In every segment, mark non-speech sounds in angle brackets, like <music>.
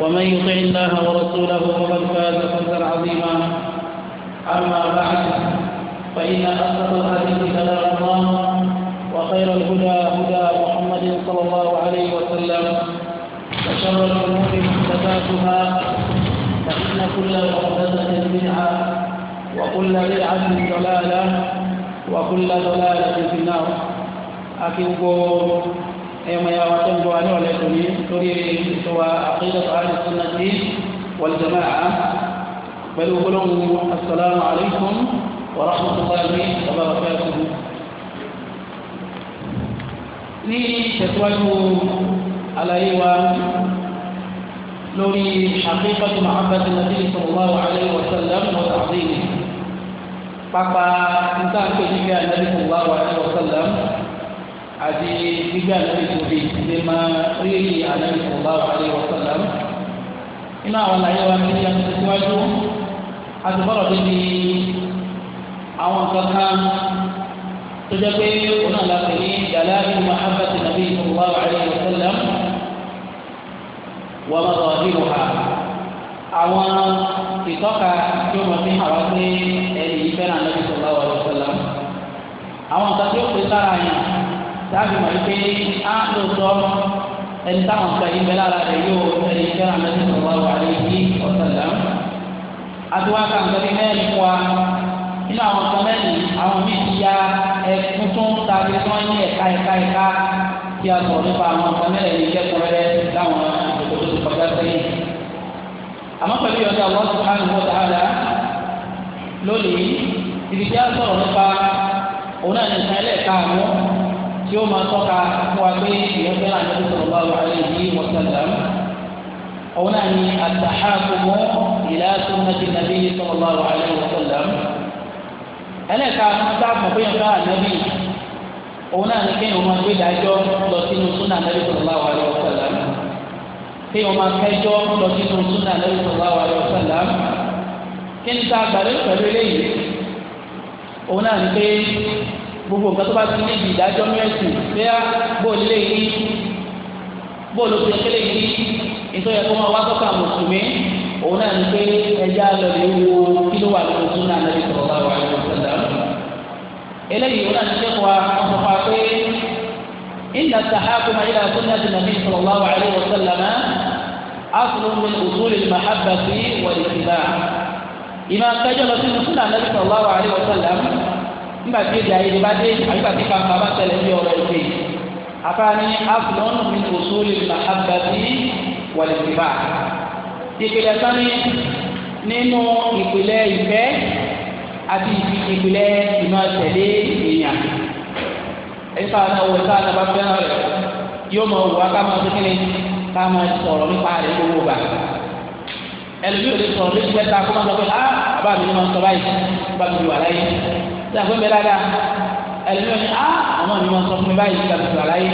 ومن يطع الله ورسوله فقد فاز فوزا عظيما اما بعد فان اصدق الحديث كلام الله وخير الهدى هدى محمد صلى الله عليه وسلم وشر الامور محدثاتها فان كل محدثه بدعه وكل بدعه ضلاله وكل ضلاله في النار اكيد ẹ̀yọ́mọ ya wa tó ń bọ̀ wá ní ọ̀lẹ́ tòní lórí ètò wa àkídàtu ahli sunnati wal jama'ah pẹ̀lú gbólóhùn assalamu alaykum wa rahmatullahi wa barakatuh. ní ìtẹ̀síwájú àlàyé wa lórí haqiqatu mahabbati nabi sallallahu alayhi wa sallam wa ta'zimihi pápá nígbà pé níbi àyẹ̀wò sallallahu alayhi wa sallam. àti gbígbé ànábì tó fi ṣe máa rí ànábì tó bá wà lé wọ́sán lánàá. inú àwọn àlàyé wa ní ìyá tó síwájú àti bọ́lọ̀ tó di àwọn kankan tó jẹ́ pé òun náà láti ní ìdàlá ìlú mahabbati nàbí tó bá wà lé wọ́n máa sọ̀rọ̀ nínú ha àwọn ìtọ́ka tí ó mọ̀ sí àwọn pé ẹni yìí fẹ́ràn ànábì tó bá wà lé àwọn sáàbì mọ̀ wípé á lóòótọ́ ẹni táwọn nǹkan yìí bẹ́ẹ̀ lára rẹ̀ yóò ẹni jẹ́ àmẹ́sì sọ̀rọ̀ wà ní ibi ọ̀sẹ̀lẹ̀. adúwáka nǹkan bíi mẹ́rin fún wa nínú àwọn nǹkan mẹ́rin àwọn míì ti ya ẹkún tó ń ta bí wọ́n ní ẹ̀ka ẹ̀ka ẹ̀ka kí a sọ̀rọ̀ nípa àwọn nǹkan mẹ́rin ní kẹ́kọ̀ọ́rẹ́ láwọn ìdòdó tó kọjá sẹ́yìn. àmọ́ pẹ̀lú tí ó máa tọ́ka fún wa pé ìyọ́fẹ́ ànábì sallallahu alayhi wa sallam òun náà ni àtàhàkùmọ́ ìlà sunnati nàbí sallallahu alayhi wa sallam ẹlẹ́ka sáàpù pé ìyọ́fẹ́ ànábì òun náà ni kéèyàn máa gbé dájọ́ lọ sínú súnà nàbí sallallahu alayhi wa sallam kéèyàn máa kẹjọ́ lọ sínú súnà nàbí sallallahu alayhi wa sallam kí ni gbogbo nǹkan tó bá ti níbi ìdájọ́ mẹ́sìn bẹ́ẹ̀ bóòlù lè rí bóòlù tó kéde rí nítorí ẹ̀kọ́ máa wá sọ́kà mùsùlùmí òun náà ní pé ẹja lọ lè wo kí ló wà lóko tún náà lẹ́yìn tó bá wà lóko sẹ́dá. eléyìí òun náà ti sẹ́kọ̀ọ́ àwọn ọmọ pé ìlà sàhákù máa yíra tó náà ti nàbí sọ̀rọ̀ wá wà lóko sẹ́dá náà asùnú mi òtún lè máa bàbí wọ̀lẹ̀ síbá. ìmọ̀ akẹ́jọ́ lọ sí nígbà tí èdè ayé bá dé àyíká tí kàkà bá tẹ̀lé bí ọ̀rọ̀ ìgbé afáàní afúnọ́nù mi kò só lè la agbàdì wàlẹ̀tìbà ìpìlẹ̀ sani nínú ìpìlẹ̀ ìfẹ́ àti ìpìlẹ̀ ìmọ̀ tẹ̀lé èèyàn ẹ̀ka náà wọ̀ sáà náà bá fẹ́ràn rẹ̀ yóò máa wù wá ká máa kékeré ká máa sọ̀rọ̀ nípa rẹ̀ gbogbo gbà ẹlòmíràn lè sọ̀rọ̀ lójú tí a fẹ́ bẹ dáadáa ẹlẹ́mìíràn ni ah ọmọ mi máa sọ fún mi báyìí nígbà tó sọ̀rọ̀ ayé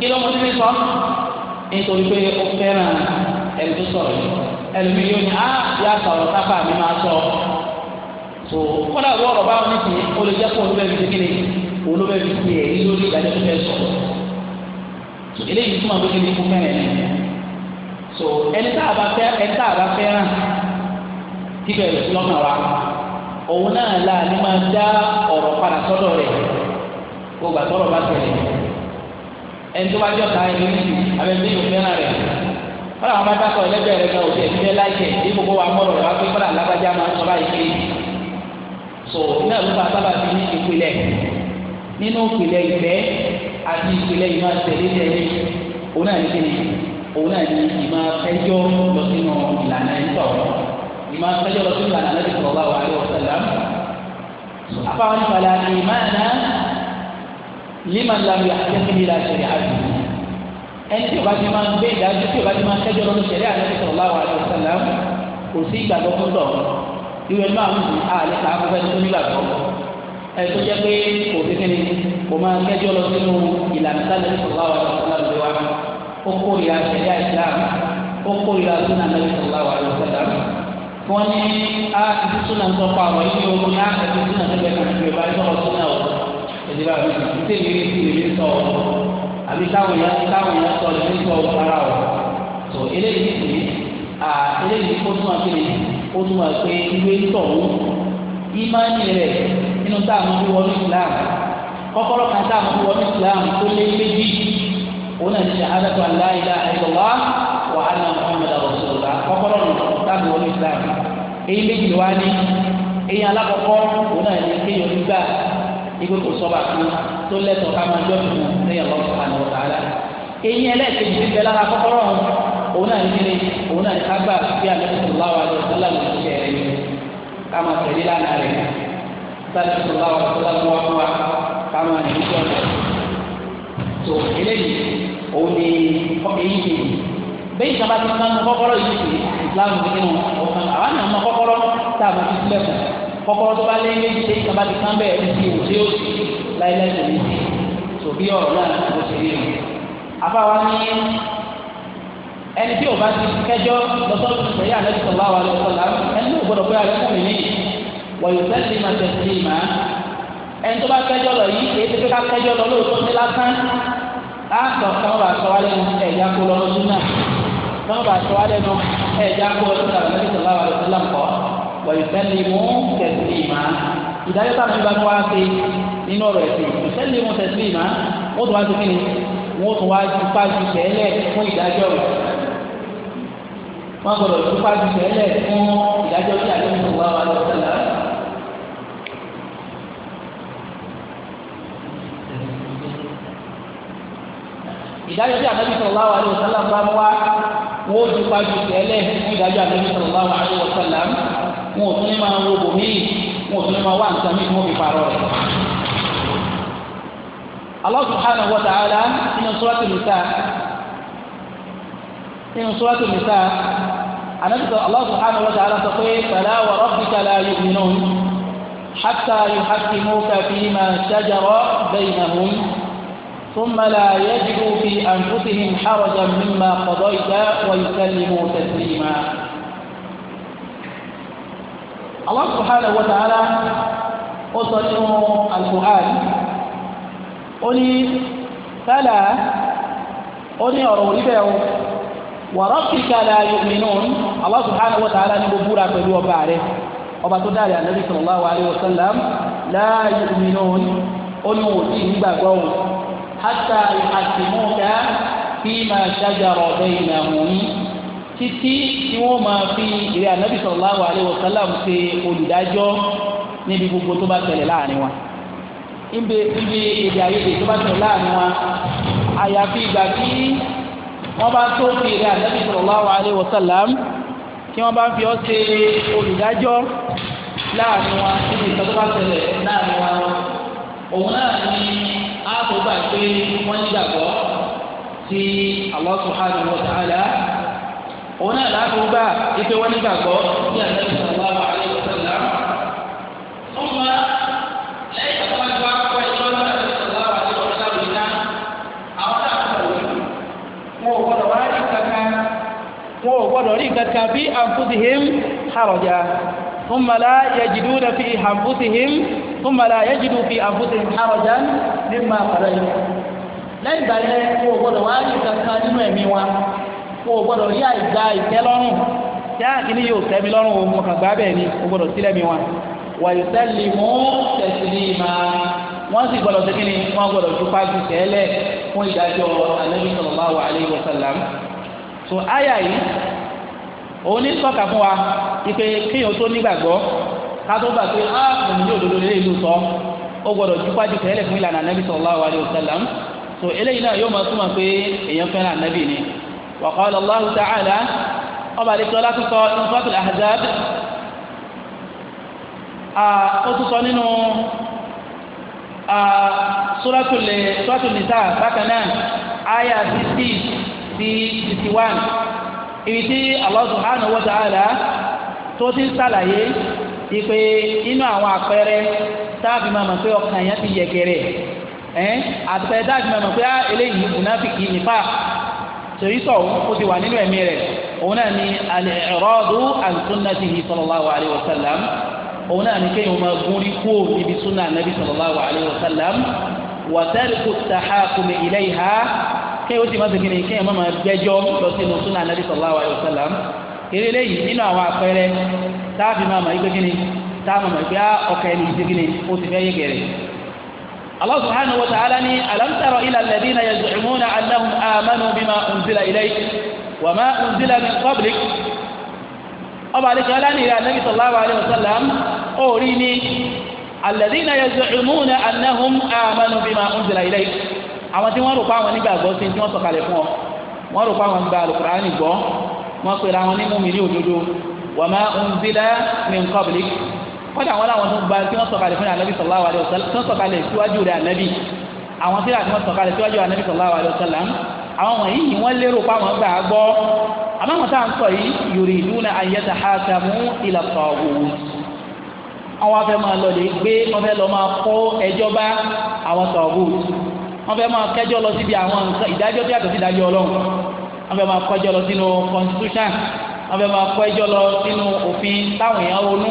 kí ló mú sí mi sọ nítorí pé ó fẹ́ràn ẹni tó sọ̀rọ̀ yìí yóò ní ah yà sọ̀rọ̀ sáfà mi máa sọ so kọ́dà wọ́n ọ̀rọ̀ báwọn ní tiẹ̀ ó lè jẹ́ kó olú bẹ́ẹ̀ fi kékeré olú bẹ́ẹ̀ fi tiẹ̀ èyí lórí ìdájọ́ tó fẹ́ sọ̀rọ̀ so eléyìí túmọ̀ pé kékeré kó fẹ́ràn ẹni so ẹni tá a bá fẹ́ràn kíkẹ́ rẹ̀ lọ́kàn wa òun náà la ni máa dá ọ̀rọ̀ padà sọ́dọ̀ rẹ̀ gbogbo àtọ́rọ̀ bá tẹ̀lé ẹni tó bá jọ ká ẹni níbi abẹ́bí yóò fẹ́ràn rẹ̀ kọ́lá àwọn bá dákọ̀ ẹlẹ́gbẹ́ rẹ̀ náà òbí ẹ̀mí fẹ́ láìjẹ̀ ní gbogbo wa mọ̀rọ̀ rẹ̀ wá pé kọ́lá alágbájá máa ń sọ báyìí pé so iná ló bá sábà fi ní ìpìlẹ̀ nínú ìpìlẹ̀ ìfẹ́ àti ìpìlẹ̀ ìmọ̀ tẹ̀lé tẹ̀lé òun náà ní kíni òun náà ní ìmọ̀ ẹjọ́ lọ sínú ìlànà ìtọ̀ ìmọ̀ akẹ́jọ́ lọ sí ìlànà lẹ́yìn tó wà wà ní ọ̀sẹ̀lá. afáwọn ìfàlà ìmáàna lima lamu akẹ́kẹ́ mi la ṣẹlẹ̀ àti ẹni tí o bá ti máa ń gbé ìdájọ́ tí o bá ti máa kẹ́jọ́ lọ sí ìṣẹ̀lẹ̀ àlẹ́ tó wà wà ní ọ̀sẹ̀lá kò sí ìgbàgbọ́ fún lọ ìwé máa ń sùn àlẹ́ kà á fẹ́ tó nígbàgbọ́ ẹ̀ tó jẹ́ pé kò sí kíni kò máa kẹ́jọ́ lọ sínú ìlànà sálẹ̀ tó wà wà ní ọ̀sẹ̀lá ó kórìíra ṣẹlẹ̀ àìsílámù ó kórìíra sínú àlẹ́ tó wà wà ní ọ̀sẹ̀lá wọ́n ní a ah, ibi tó náà sọ pa àwọn yìí o ní a ah, ibi tó náà sẹ́gbẹ̀ẹ́ kan ìgbẹ́ báyìí sọ̀rọ̀ tó náà o èdè bá mi ti tẹ̀ lé ti lè sọ o àbí táwọn yẹn táwọn yẹn sọ lè sọ o rárá o tó eléyìí ti à eléyìí ó tún wá pé ó tún wá pé ìwé tọ̀ o ìmánì rẹ̀ nínú táwọn fi wọnú Islam kọ́kọ́rọ́ kan táwọn fi wọnú Islam tó lé méjì òun náà ti ṣe àdàtọ̀ aláìlá àìlọ́wà wà Muhammad rasulullah kọ́kọ́rọ́ ìsìláàmù wọlé ìsìláàmù èyí méjì wá ní èyí alákọ̀ọ́kọ́ òun náà ní kéèyàn nígbà igbó tó sọ́ba kú tó lẹ́tọ̀ọ́ ká máa jọ́ ìmọ̀ lẹ́yìn ọ̀rọ̀ sọ̀rọ̀ ọ̀tá ara èyí ẹlẹ́ẹ̀kejì ti bẹ lára kọ́kọ́rọ́ òun náà ní òun náà ní ká bí alẹ́sọ̀láwà lọ sọ́láàmù ti ṣe ẹ̀rẹ́ yìí ká máa tẹ̀lé lánàá rẹ̀ sọ́láàmù sọ́láàmù tó eléyìí bẹ́ẹ̀ ìjọba bá ti máa ń kọ́kọ́rọ́ yìí ṣe ìsìláàmù nínú ọ̀kan àwa náà mọ kọ́kọ́rọ́ tá a máa fi sílẹ̀ fún kọ́kọ́rọ́ tó bá lé méjì ṣe ìjọba ti kán bẹ́ẹ̀ ní ti òṣè òṣì láìláì tó ní ti tòbí ọ̀rọ̀ náà ló ṣe rí rẹ̀. àfáwa ní ẹni tí ò bá ti kẹjọ lọ́sọ́dún ìṣẹ̀yà lẹ́sọ̀lá wa lọ́sọ̀lá ẹni tó gbọdọ̀ pé àrẹ fún mi wọ̀nyọ̀sẹ́lì máa tẹ̀sí ìmá ẹni tó bá kẹjọ lọ yìí kì í ṣe pé ká kẹjọ lọ lóòótọ́ sí lásán á dọ̀kan wà sọ wálé ẹ̀yà kó náà bá sọ wá lẹ́nu ẹ̀ já kó ọdún tàbí lẹ́yìn tó láwà lọ́sọ̀ lọ́nkọ́ wọ̀nyí sẹ́ni mú tẹ̀sí ìmá ìdájọ́ táwọn ìbá tó wá sí nínú ọ̀rọ̀ ẹ̀sìn sẹ́ni mú tẹ̀sí ìmá wọ́n tún wá sí kíni wọ́n tún wá dupá ju tẹ́lẹ̀ fún ìdájọ́ rẹ̀ wọ́n gbọ́dọ̀ dupá ju tẹ́lẹ̀ fún ìdájọ́ tí àdéhùn tó wà lọ́sọ̀ lọ́sọ̀ ìdájọ́ tí ànábì sallallahu alaihi wasallam bá wá wọ́n ó dúpá ju tẹ́lẹ̀ fún ìdájọ́ ànábì sallallahu alaihi wasallam wọn ò tún ní máa wo bòmíì wọn ò tún ní máa wá nǹkan míì tí wọ́n fi parọ́ rẹ̀. Allah subhanahu wa ta'ala inú suratul nisa inú suratul nisa ànábì Allah subhanahu wa ta'ala sọ pé fala wa rabbika la yu'minun ثم لا يجدوا في أنفسهم حرجا مما قضيت ويسلموا تسليما الله سبحانه وتعالى أصدر القرآن قل فلا قل أروربه وربك لا يؤمنون الله سبحانه وتعالى نبورا فلو بعره. وبتدعي على النبي صلى الله عليه وسلم لا يؤمنون قل وزيه بقوم hátà ìhàtìmọ́ká kí máa ṣàjàrọ̀ bẹ́ẹ̀ ìlànà yìí títí tí wọ́n máa fi ìrẹ́ ànábì sallallahu alaihi wasallam ṣe olùdájọ́ níbi gbogbo tó bá tẹ̀lé láàrin wa níbi níbi èdè àyèdè tó bá tẹ̀lé láàrin wa àyàfi ìgbà tí wọ́n bá tó fi ìrẹ́ ànábì sallallahu alaihi wasallam tí wọ́n bá fi ọ́ ṣe olùdájọ́ láàrin wa níbi ìtọ́jú bá tẹ̀lé láàrin wa òun náà ní tó gbà pé wọ́n ní gbàgbọ́ sí Allah subhanahu wa ta'ala òun náà láti gbà pé wọ́n ní gbàgbọ́ sí àtẹ̀sí àwọn àwọn àlejò sẹ́lá. wọn ò gbọdọ̀ rí kankan bí àǹfùsì hìm hàrọ̀jà ثم لا يجدون في أنفسهم ثم لا يجدوا في أنفسهم حرجا مما قضيت lẹ́yìn ìgbà yẹn kó o gbọ́dọ̀ wá ní kankan nínú ẹ̀mí wa kó o gbọ́dọ̀ rí àìgbà ìtẹ́ lọ́rùn tí a kìíní yóò tẹ́ mi lọ́rùn o mo kàn gbá bẹ́ẹ̀ ni o gbọ́dọ̀ sílẹ̀ mi wa wàyí sẹ́lì mú tẹ̀sílì máa wọ́n sì gbọ́dọ̀ sẹ́kí ni wọ́n gbọ́dọ̀ dúpá ju tẹ́lẹ̀ fún ìdájọ́ alẹ́ bí sọ̀rọ̀ bá wà alẹ́ ìwọ̀sán làm so áyà yìí òun ní sọ́ka fún wa ipe kéèyàn tó nígbàgbọ́ ká tó gbà pé á ah, òun ní òdodo lè lù sọ ó gbọdọ̀ jupájú tẹ́lẹ̀ fún ìlànà anabi sallallahu alayhi so eléyìí náà yóò máa túmọ̀ pé èèyàn fẹ́ràn anabi ni Allahu ta'ala ọba àdìsọ́ látúntọ́ nufọ́tul ahzab ó tún sọ nínú bákan náà one. ibi tí Allah subhanahu wa ta'ala tó ti sàlàyé ìpè inú àwọn àpẹẹrẹ táàbì máa mọ̀ pé ọkàn yẹn ti yẹgẹrẹ ẹ́n àpẹẹrẹ táàbì máa mọ̀ pé ah, eléyìí mùnáfíkì nípa torí sọ̀rọ̀ ó ti wà nínú ẹ̀mí rẹ̀ òun náà ni al-i'radu an sunnatihi sallallahu alayhi wa sallam òun náà ni kéèyàn máa gúnrí kúò níbi sunna nabi sallallahu alayhi wa sallam wa tarku at-tahakumi ilayha kí o sì má segin ní kí ẹ má máa gbẹ́jọ́ lọ sínú súnà nàbí sallallahu alaihi wasallam eré léyìí nínú àwọn àpẹẹrẹ táàfin máa máa gbégin ní táàmù máa gbé ọkà ẹni segin ní o sì fẹ́ yé gẹ̀rẹ́. Allah subhanahu wa ta'ala ni alam tara ila alladhina yaz'umuna annahum amanu bima unzila ilayk wa ma unzila min qablik ọba àlejò alánìyà nàbí sallallahu alaihi wasallam ó rí ni alladhina yaz'umuna annahum amanu bima unzila ilayk àwọn tí wọ́n rò pa àwọn nígbàgbọ́ sí tí wọ́n sọ̀kalẹ̀ fún ọ wọ́n rò pa àwọn gba alukurani gbọ́ wọ́n pera wọn ní mùmí ní òdodo wa ma unzila min qablik kọ́dà àwọn làwọn tó gba tí wọ́n sọ̀kalẹ̀ fún anabi sallallahu wa sallam tí wọ́n sọ̀kalẹ̀ síwájú rẹ̀ anabi àwọn tí wọ́n sọ̀kalẹ̀ síwájú anabi sallallahu alayhi wa sallam àwọn wọ̀nyí yìí wọ́n lérò pa àwọn gbà gbọ́ àmọ́ àwọn táwọn sọ yìí yuriduna an yatahakamu ila taghut àwọn afẹ́ máa lọ lè gbé ọfẹ́ lọ máa kó ẹjọ́ bá àwọn taghut wọ́n fẹ́ máa kẹ́jọ́ lọ síbi àwọn ìdájọ́ tó yàtọ̀ sí ìdájọ́ ọlọ́run wọ́n fẹ́ máa lọ sínú constitution wọ́n fẹ́ máa kọ́jọ́ lọ sínú òfin táwọn èèyàn ronú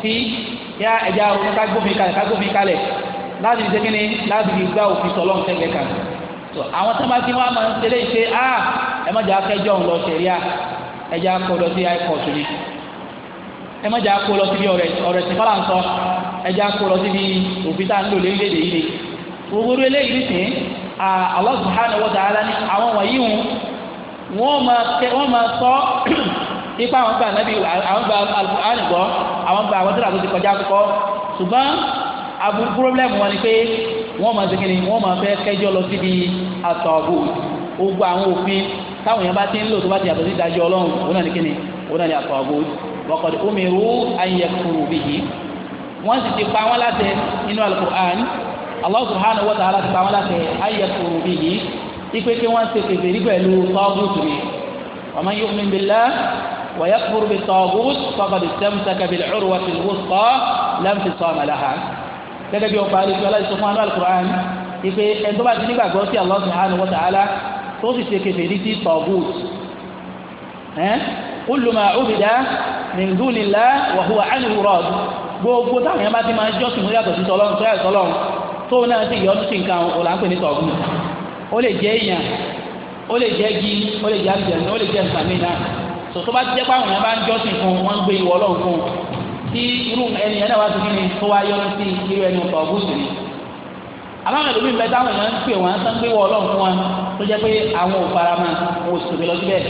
sí yá ronú kágbófin kágbófin láti fi láti fi gbá òfin àwọn tó máa ti wá máa ń a ẹ má lọ lọ sí high court ni ẹ má lọ síbi gbogbo eléyìí nìsín Allah subhanahu wa ta'ala ní àwọn wọ̀nyí wọn wọ́n máa sọ <clears throat> ipa àwọn gba anabi àwọn gba alukur'an gbọ́ àwọn gba àwọn tíra tó ti kọjá kọ́ ṣùgbọ́n aburú pírọ́blẹ́mù wọn ni pé wọ́n máa segin ni wọ́n máa fẹ́ kẹjọ lọ síbi àtọ̀ọ̀bù ogun àwọn òfin táwọn èèyàn bá ti ń lò tó bá ti yàtọ̀ sí ìdájọ́ ọlọ́run òun náà ni kíni òun náà ni àtọ̀ọ̀bù wọ́kọ̀ omi ru ayẹ̀kùrù bìyí wọ́n sì ti pa wọ́n láti inú alukur'an Allah subhanahu wa ta'ala ti pa wọn láti ayé kúrò bí yìí ipe kí wọ́n ṣe kèfèrí pẹ̀lú tọ́gùtù ni wa man yu'min billah wa yakfur bi taghut faqad istamsaka bil urwati al-wuthqa la infisama laha gẹ́gẹ́ bí ọ̀pá àlejò aláìsọ fún anú alukur'an ipe ẹni tó bá ti nígbàgbọ́ sí Allah subhanahu wa ta'ala tó sì ṣe kèfèrí sí tọ́gùtù kullu ma ubida min dunillah wa huwa anhu rad gbogbo táwọn yẹn bá ti máa jọ́sìn mú yàtọ̀ sí tọ́lọ́run tó yàtọ̀ tọ́lọ́run tóun náà sì yọnu sí nǹkan ò là ń pè ní tọ̀gùn ó lè jẹ́ èèyàn ó lè jẹ́ gi ó lè jẹ́ àlùjẹ̀nu ó lè jẹ́ nǹkan mìíràn sòtó bá ti jẹ́ pé àwọn yẹn bá ń jọ́sìn fún wọn ń gbé ìwọ ọlọ́run fún tí irú ẹni yẹn náà wá sí kíni tó wá yọnu sí irú ẹni tọ̀gùn sí ni aláwọn ẹlòmíín bẹ táwọn yẹn ń pè wọn sọ ń gbé ìwọ ọlọ́run fún wọn tó jẹ́ pé àwọn ò fara mọ́ wọn ò sòmí lọ síbẹ̀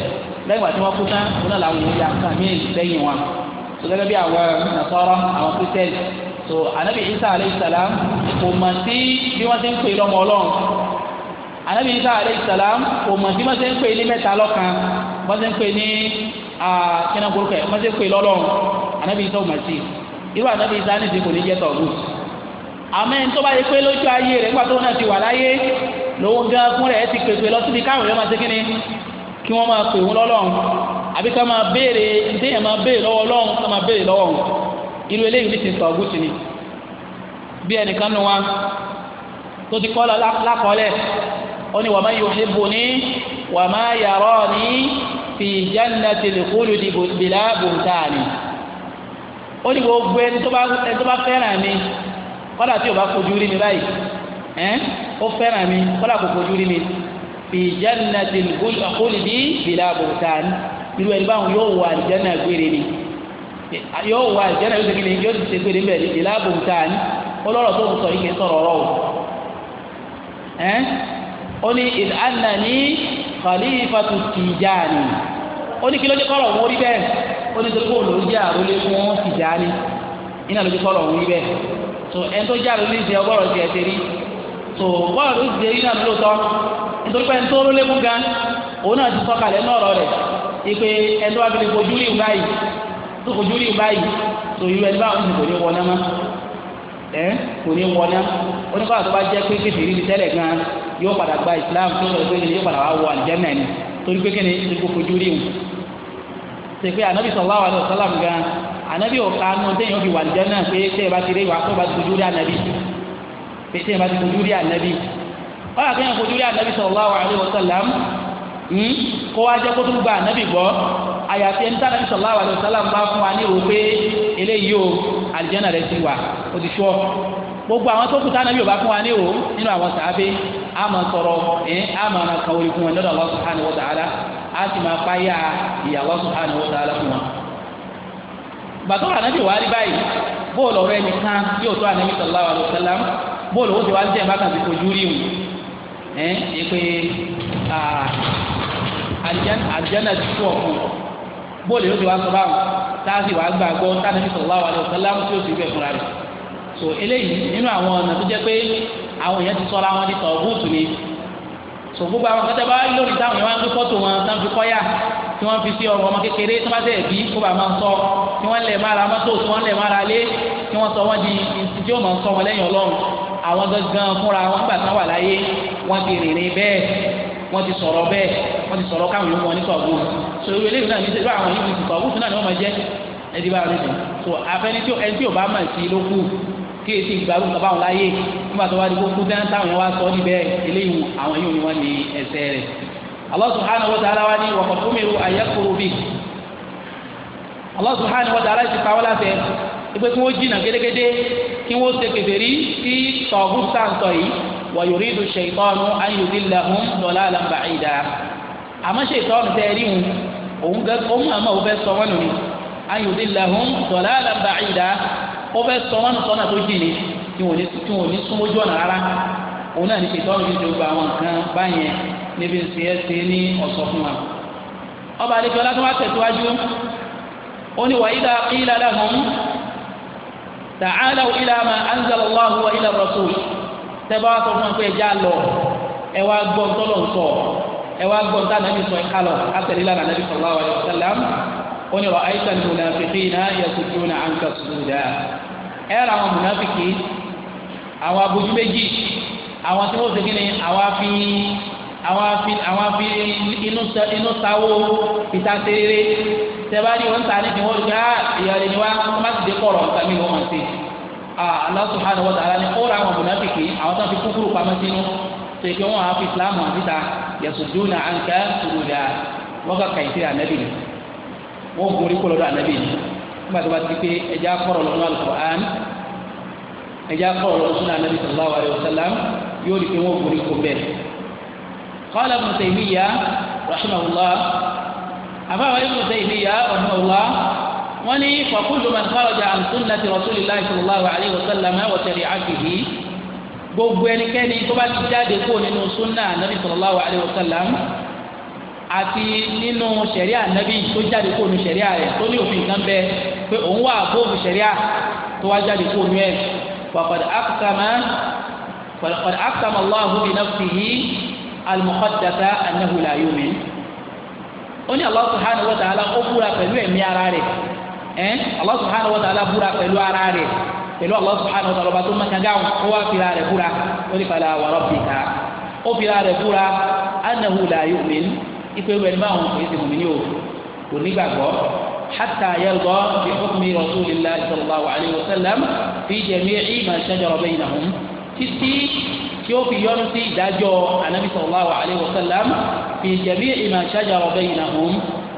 lẹ́yìn wà tí wọ́n kú tán wọn náà làwọn ò yà nǹkan lẹ́yìn wọn sọ gẹ́gẹ́ bí àwọn nàṣọ́rọ́ àwọn kírísítẹ́nì so anabi isa alayhi salam kò mọ̀ sí bí wọ́n ti ń pè lọ́mọ ọlọ́run anabi isa alayhi salam kò mọ̀ sí bí wọ́n ti ń pè ní mẹ́ta lọ́kan wọ́n ti ń pè ní kíná burúkú ẹ̀ wọ́n ti ń pè lọ́lọ́run anabi isa ò mọ̀ sí irú anabi isa ní ti kò ní jẹ́ tọ̀gù àmẹ́ tó bá yẹ pé lójú ayé rẹ̀ nígbà tó náà ti wà láyé lòun gan fún rẹ̀ ti pèpè lọ síbi káwọn èèyàn máa ṣe kí ni kí wọ́n máa pè wọn lọ́lọ́run àbí máa béèrè téèyàn máa béèrè lọ́wọ́ ọlọ́run ká máa béèrè lọ́wọ́ irú eléyìí ní ti tọ̀gù sí ni bí ẹnìkan nu wa tó ti kọ́ lákọ́lẹ̀ ó ní wa man yuhibbuni wa ma yarani fi jannatil khuldi bila buhtani ó ní gbogbo ẹni tó bá fẹ́ràn mi kọ́dà tí o bá fojú rí mi báyìí ẹ́ ó fẹ́ràn mi kọ́dà kò fojú rí mi fi jannatil khuldi bila buhtani irú ẹni báwọn yóò wọ àlùjánnà gbére ni yóò wá ìjẹ́nà yóò segin ní yóò ti ṣe péré bẹ́ẹ̀ ìlà àbòmùtá ni olóró tó ń sọ yìí kì í sọ̀rọ̀ ọ̀rọ̀ o ẹ́ ó ní ìdáná ní khalifatu Tijani ó ní kí ló jẹ́ kọ́rọ̀ òun orí bẹ́ẹ̀ ó ní tókò ló jẹ́ àrólé fún Tijani iná ló jẹ́ kọ́rọ̀ òun rí bẹ́ẹ̀ tó ẹni tó jẹ́ àrólé ti ọgbọ́rọ̀ ti ẹ̀ ti rí tó bọ́ọ̀rọ̀ tó ti rí nítorí pé ẹni tó rólé fún gan òun náà ti sọ kalẹ̀ náà rẹ̀ ìpè ẹni tó wá fi lè fojú rí ìwúrà tó kojú rí báyìí tó irú ẹni báwọn ti kò ní wọná má ẹ kò ní wọná oníkọ́lá tó bá jẹ́ pé kékeré ti tẹ́lẹ̀ gan yóò padà gba Islam tó sọ pé kékeré yóò padà wá wọ àlùjẹ́nà ni torí pé kékeré ti kò kojú rí ṣe pé anabi sallallahu alaihi wasallam gan anabi ò ká nù téèyàn ó fi wà àlùjẹ́nà pé téèyàn bá ti rí wà tó bá ti kojú rí anabi pé téèyàn bá ti kojú rí anabi ọ̀rọ̀ àti ẹ̀yàn kojú rí anabi sallallahu alaihi wasallam hmm, kó wá jẹ́ kó tó gba anabi gbọ́ àyàfi ẹni tánà sallallahu alaihi wasallam bá fún wa ní ìwò pé eléyìí o àlìjẹ́nà rẹ̀ ti wà ó ti sọ gbogbo àwọn tó kù tánà yóò bá fún wa ní ìwò nínú àwọn sàábé a máa sọ̀rọ̀ ẹ a máa ma kàwé fún wọn lọ́dọ̀ Allah subhanahu wa ta'ala a sì máa páyà ìyà Allah subhanahu wa ta'ala fún wọn. bàtọ́ ànábì wà á rí báyìí bóòlù ọ̀rẹ́ nìkan yóò tó ànábì sallallahu alaihi wasallam bóòlù ó ti wá ń tẹ̀ bá kàn sí kojú rí wọn ẹ ẹ pé àlìjẹ́nà ti kú ọ̀kan bóòlù yóò ti wá sọ báwọn táàsì wàá gbà gbọ́ tánàbí sallallahu alaihi wasallam tí ó fi bẹ́ẹ̀ fúnra rẹ̀ so eléyìí nínú àwọn ọ̀nà tó jẹ́ pé àwọn èèyàn ti sọra wọn di tọ̀gùtù ni so gbogbo àwọn kẹtẹ bá lórí táwọn èèyàn wá ń fi fọ́tò wọn tán fi kọ́yà tí wọ́n fi sí ọrùn ọmọ kékeré tó bá tẹ̀ bí kó bá máa ń sọ tí wọ́n lẹ̀ mára mọ́tò tí wọ́n lẹ̀ mára lé tí wọ́n sọ wọ́n di tí ó máa ń sọ wọn lẹ́yìn ọlọ́run àwọn gangan fúnra wọn gbà tán wà láyé wọ́n ti rìnrìn bẹ́ẹ̀ wọ́n ti sọ̀rọ̀ bẹ́ẹ̀ wọ́n ti sọ̀rọ̀ káwọn yòówù wọn ní tọ̀gbù so ìwé eléyìí náà ní sẹ́yìn àwọn yìí ti tọ̀gbù fún náà ni wọ́n máa jẹ́ ẹdí bá rẹ̀ so afẹ́ni tí ẹni tí ò bá mà sí ló kù kí èsì ìgbàlù bàbá wọn láyé nígbà tó wá di kókó tẹ́ táwọn wá sọ níbẹ̀ eléyìí àwọn yìí ni wọ́n ní ẹsẹ̀ rẹ̀ Allah subhanahu wa ta'ala wa ni wa qad umiru an yakfuru bihi Allah subhanahu wa ti pa wọ́n láfẹ́ kí wọ́n jìnnà gédégédé kí wọ́n ṣe kèfèrí sí tọ̀gùn ويريد الشيطان أن يذلهم ضلالا بعيدا أما الشيطان تاريهم òun gẹ òun àmọ́ òun fẹ́ sọ wọn lórí ayọ̀dẹ làwọn tọ̀lá àlàbà ìdá ó fẹ́ sọ wọn sọ́nà tó jìnnì tí wọn ò ní súnmọ́ ojú ọ̀nà rárá òun náà ní ṣètò ọ̀nà ìdíje gba àwọn nǹkan báyẹn níbi ìsìn ẹsẹ̀ wa. ọba àdéjọ látọ́ wá tẹ̀síwájú ó ní wà ìdá wa ìlà rasul tẹ́bá wá sọ fún wa pé ẹja lọ ẹ wá gbọ́ ntọ́lọ̀ sọ ẹ wá gbọ́ ntá nàbí sọ ẹ̀ka lọ àtẹ̀lé lánàá nàbí sallallahu alaihi wasallam ó ní rọ àyíká ní munafiqina yasudduna anka sududa ẹ ra àwọn munafiki àwọn abojú méjì àwọn tí wọ́n segin ni àwọn afi àwọn afi àwọn afi inú sáwó ìtàtẹ́rẹ́rẹ́ tẹ́bá ní wọ́n ta ní kí wọ́n rí pé ah ìyàrá ni wá má ti dé kọ̀ọ̀rọ̀ nǹkan mi ni wọ́n Ah, Allah subhanahu wa ta'ala ni ọ̀rọ̀ àwọn mùnàfíkì àwọn tó ń fi kúkúrú pamọ́ sínú ṣe pé wọ́n á fi ìsìlámù àbíta yasudduna anka sududa wọ́n ká kàyí sí ànábì ni wọ́n gun orí kó lọ́dọ̀ ni nígbà tó bá ti pé ẹja kọ̀rọ̀ lọ́nà al-Qur'an ẹja kọ̀rọ̀ lọ́nà sunnah sallallahu alayhi wa sallam yóò di pé wọ́n gun orí kó bẹ́ẹ̀. qala ibn Taymiyyah rahimahullah àbáwá ibn wọ́n ní fàkúlù man kharaja an sunnati rasulillahi sallallahu alayhi wa sallam wa tabi'atihi gbogbo ẹnikẹ́ni tó bá ti jáde kó nínú sunna anabi sallallahu alayhi wa sallam àti nínú sẹ̀ríà anabi tó jáde kó nínú sẹ̀ríà rẹ̀ tó ní òfin kan bẹ pé òun wà bóòfù sẹ̀ríà tó wá jáde kó nínú ẹ̀ faqad aqsama faqad aqsama ẹ Allah subhanahu wa ta'ala búra pẹ̀lú ara rẹ̀ pẹ̀lú Allah subhanahu wa ta'ala ọba tó mẹ́kan gáwọn ó wá fira rẹ̀ búra ó ní fala wa rabbika ó fira rẹ̀ búra annahu la yu'min ipe wẹ̀ ní báwọn kò ní sèkùnmí ní o kò ní gbàgbọ́ hatta yarda bi hukmi rasulillahi sallallahu alayhi wa sallam fi jami'i ma shajara baynahum títí tí ó fi yọnu sí ìdájọ́ anabi sallallahu alayhi wa sallam fi jami'i ma shajara baynahum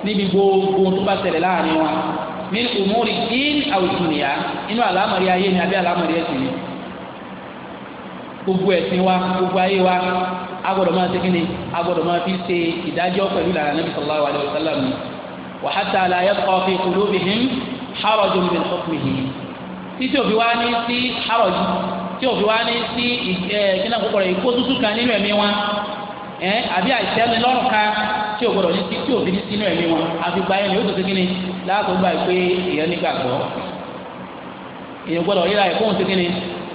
níbi gbogbo tó bá ṣẹlẹ̀ láàrin wa min umuri din aw dunya inú àlámọ̀rí ayé ni àbí àlámọ̀rí ẹ̀sìn ni gbogbo ẹ̀sìn wa gbogbo ayé wa a gbọ́dọ̀ máa segin ni a gbọ́dọ̀ máa fi ṣe ìdájọ́ pẹ̀lú ìlànà nabi sallallahu alayhi wa sallam wa hatta la yabqa fi qulubihim harajun min hukmihi títí òfin wa ní sí harajun tí òfin wa ní sí ẹ kí náà kókòrò ìkó tuntun kan nínú ẹ̀mí wa ẹ àbí àìsẹ́nilọ́rùn ká tí o gbọdọ̀ ní tí o fi ní sínú ẹ̀mí wọn àfi gba ẹni o tó segin ni láàtọ̀ gba ìpè èèyàn nígbàgbọ́ èèyàn gbọdọ̀ ríra ẹ̀kọ́ òun segin ni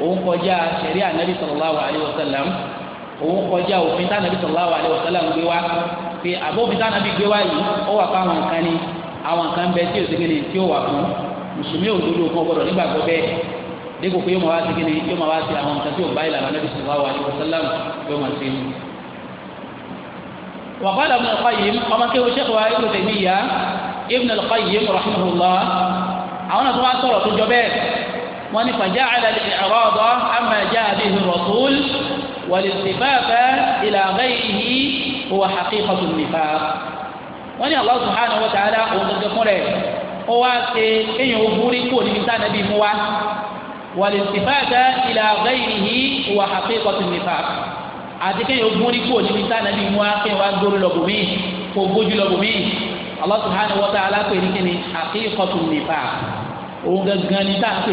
òun kọjá sẹ̀rí ànábì sallallahu alaihi wasallam òun kọjá òfin tánàbì sallallahu alaihi wasallam gbé wá pé àbọ̀ òfin tánàbì gbé wá yìí ó wà fún àwọn nǹkan ni àwọn nǹkan bẹ tí o segin ni tí o wà fún mùsùlùmí òdodo kan gbọdọ̀ nígbàgbọ́ bẹ́ẹ̀ dípò pé yóò máa wá segin ni yóò máa wá sí àwọn nǹkan tí o bá ìlànà ànábì sallallahu alaihi yóò máa segin ni. وقال ابن القيم وما كيف شيخها ابن تيمية ابن القيم رحمه الله عونا طبعا سوره الجبال وان فجعل الإعراض عما جاء به الرسول والالتفاف إلى غيره هو حقيقة النفاق وان الله سبحانه وتعالى وانتظر قرأ هو إن يغفوري كل إنسان به هو والالتفاف إلى غيره هو حقيقة النفاق àti kéèyàn gún ní kúrò níbi tá ànábì mú wa kéèyàn wá gbórí lọ bòmí kó gbójú lọ bòmí Allah subhanahu wa ta'ala pè ní kíni àkíkọ̀tù nìfà òun gangan ní tá à ń pè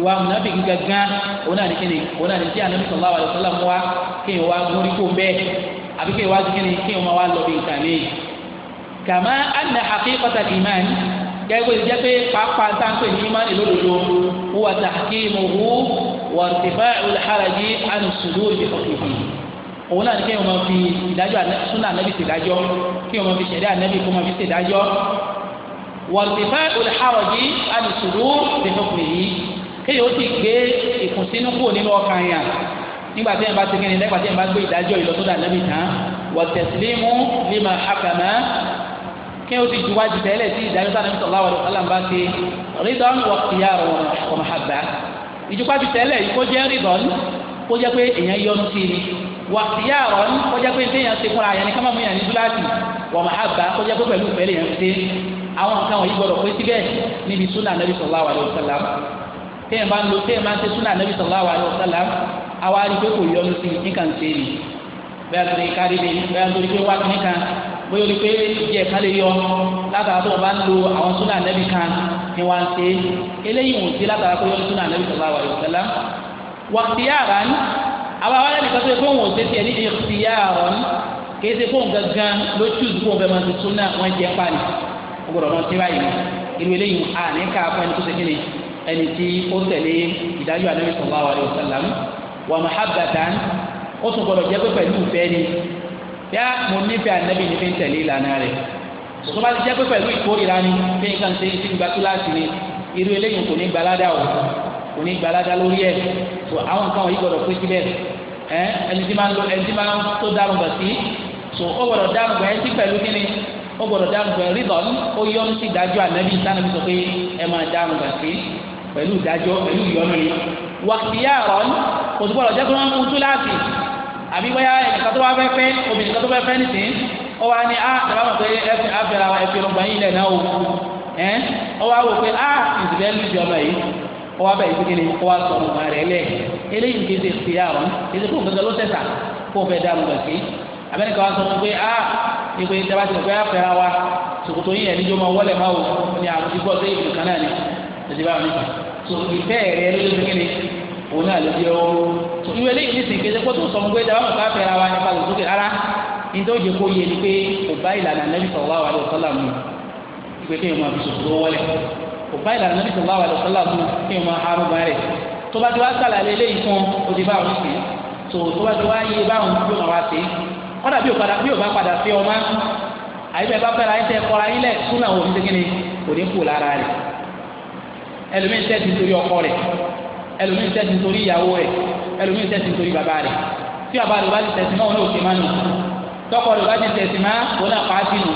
ìwà mùnàfìkì gangan òun náà ní kíni òun náà ní tí ànábì sallallahu alaihi wasallam mú wa kéèyàn wá gún ní kó bẹ́ẹ̀ àbí kéèyàn wá kíni kéèyàn wá lọ bí ìtàlẹ́ gẹ́gẹ́ bó ti jẹ́ pé pàápàá tá à ń pè ní imáni lódodo wà tahkimuhu wà irtifa'u al-haraji an sudur bi hukmihi òun náà ni kí wọn fi ìdájọ́ súnà ànábì ṣèdájọ́ kí wọn fi ṣẹ̀dá ànábì kó wọn fi ṣèdájọ́ wà irtifa'u al-haraji an sudur bi hukmihi kéèyàn ti gbé ìkùnsínú kúrò nínú ọkàn yà nígbà tí yẹn bá ti kẹ́ni lẹ́gbàá tí yẹn bá gbé ìdájọ́ ìlọsọ́dọ̀ ànábì tán wà taslimu lima hakama kí o ti ju wájú tẹ́lẹ̀ tí ìdájọ́ sáà nàbí sọ̀lá wàlúù sálàm bá ṣe rídọ́n wọ ìyá rọ ọmọ àgbà ìjùpá ju tẹ́lẹ̀ kó jẹ́ rídọ́n kó jẹ́ pé èèyàn yọ sí i wọ ìyá rọ kó jẹ́ pé téèyàn ṣe fúnra yẹn ní kámá mú yàn ní dúláàtì wọ ọmọ àgbà kó jẹ́ pé pẹ̀lú pẹ̀lú yẹn ṣe àwọn nǹkan wọ̀nyí gbọdọ̀ pé síbẹ̀ níbi súnà nàbí sọ̀lá wàlúù bóyá o pé ìjẹ́ ìkálẹ̀ yọ látara tó o bá ń lo àwọn súnà ànábì kan ni wọ́n á ṣe eléyìí wò sí látara pé yọ súnà ànábì sallallahu alaihi wasallam wà tìyàrá ni àwọn àwọn ẹnìkan tó yẹ pé wọn ò ṣe tiẹ̀ ní ìtìyàrá ni kì í ṣe fóun gangan ló túùsù fóun bẹ́ẹ̀ máa ti súnà wọ́n jẹ́ pàlì o gbọ́dọ̀ mọ tí báyìí irú eléyìí à ní ká fún ẹni tó ṣe kíni ẹni tí ó tẹ̀lé ìdájọ́ ànábì sallallahu alaihi wasallam wà mahabbatan ó tún gbọ́dọ̀ jẹ́ pé pẹ̀lú bí a mo nífẹ̀ẹ́ ànábì ní fi ń tẹ̀lé ìlànà rẹ̀ tó bá ti jẹ́ pé pẹ̀lú ìkórìíra ni fi nǹkan ṣe ti gba kíláàsì ni irú eléyìí kò ní gbalada o kò ní gbalada lórí ẹ̀ tó àwọn nǹkan wọ̀nyí gbọ́dọ̀ pé síbẹ̀ ẹ ẹni tí máa ń lo ẹni tí máa ń tó dárun gbà sí tó ó gbọ́dọ̀ dárun gbà ẹ sí pẹ̀lú kíni ó gbọ́dọ̀ dárun gbà rídọ̀ ó yọ́nú sí ìdájọ́ ànábì sanabi sọ pé ẹ máa dárun gbà sí pẹ̀lú ìdájọ́ pẹ̀lú ìyọ́nú ni wàkìyà rọ̀ kò tó gbọ́dọ̀ jẹ́ pé àbí wáyà ẹnìkan tó wá fẹ́ fẹ́ obìnrin kan tó fẹ́ fẹ́ nìsín ó wá ní a ah, ìjọba mọ̀ pé ẹfẹ abẹ́ra wa ẹfẹ ọgbà yín lẹ̀ náà o ẹ ó wá wò pé a ah, ìdílé ń lùjọ ọmọ yìí ó wá bẹ̀rẹ̀ síkiri ó wá sọ ọmọ rẹ̀ lẹ̀ eléyìí kì í ṣe ìpìyà ọ̀hún kì í ṣe fún gbẹgbẹ ló tẹ̀sà kó o fẹ́ dá lùgbà sí abẹ́nìkan wá sọ fún ah, pé a ìpè ìjọba ti pẹ́ afẹ́ra wa sòkòtò yín ẹni jọ máa wọlé ni ìdíbà mi sọ ìfẹ́ rẹ̀ òun náà ló jẹ́ owó ìwé lẹ́yìn ní sìn kéde kótó sọmọ pé dábàá màkà fẹ́ra wa nípa lòtú ara ní tó jẹ kó yé ni pé kò bá ìlànà nàbì sallallahu alaihi wasallam ìpè kéèyàn máa fi sòkòtò wọlé kò bá ìlànà nàbì sallallahu alaihi wasallam máa rẹ̀ tó bá ti wá lẹ́yìn fún bá sí tó tó bá ti wá yé wá sí kọ́dà bí ẹlòmíì tẹ̀sí nítorí ìyàwó rẹ̀ ẹlòmíì tẹ̀sí nítorí bàbá rẹ̀ tí bàbá rẹ̀ bá ti tẹ̀sí máa wọn náà ò ké máa nù tọkọ rẹ̀ bá ti tẹ̀sí máa wọn náà pàá sí nù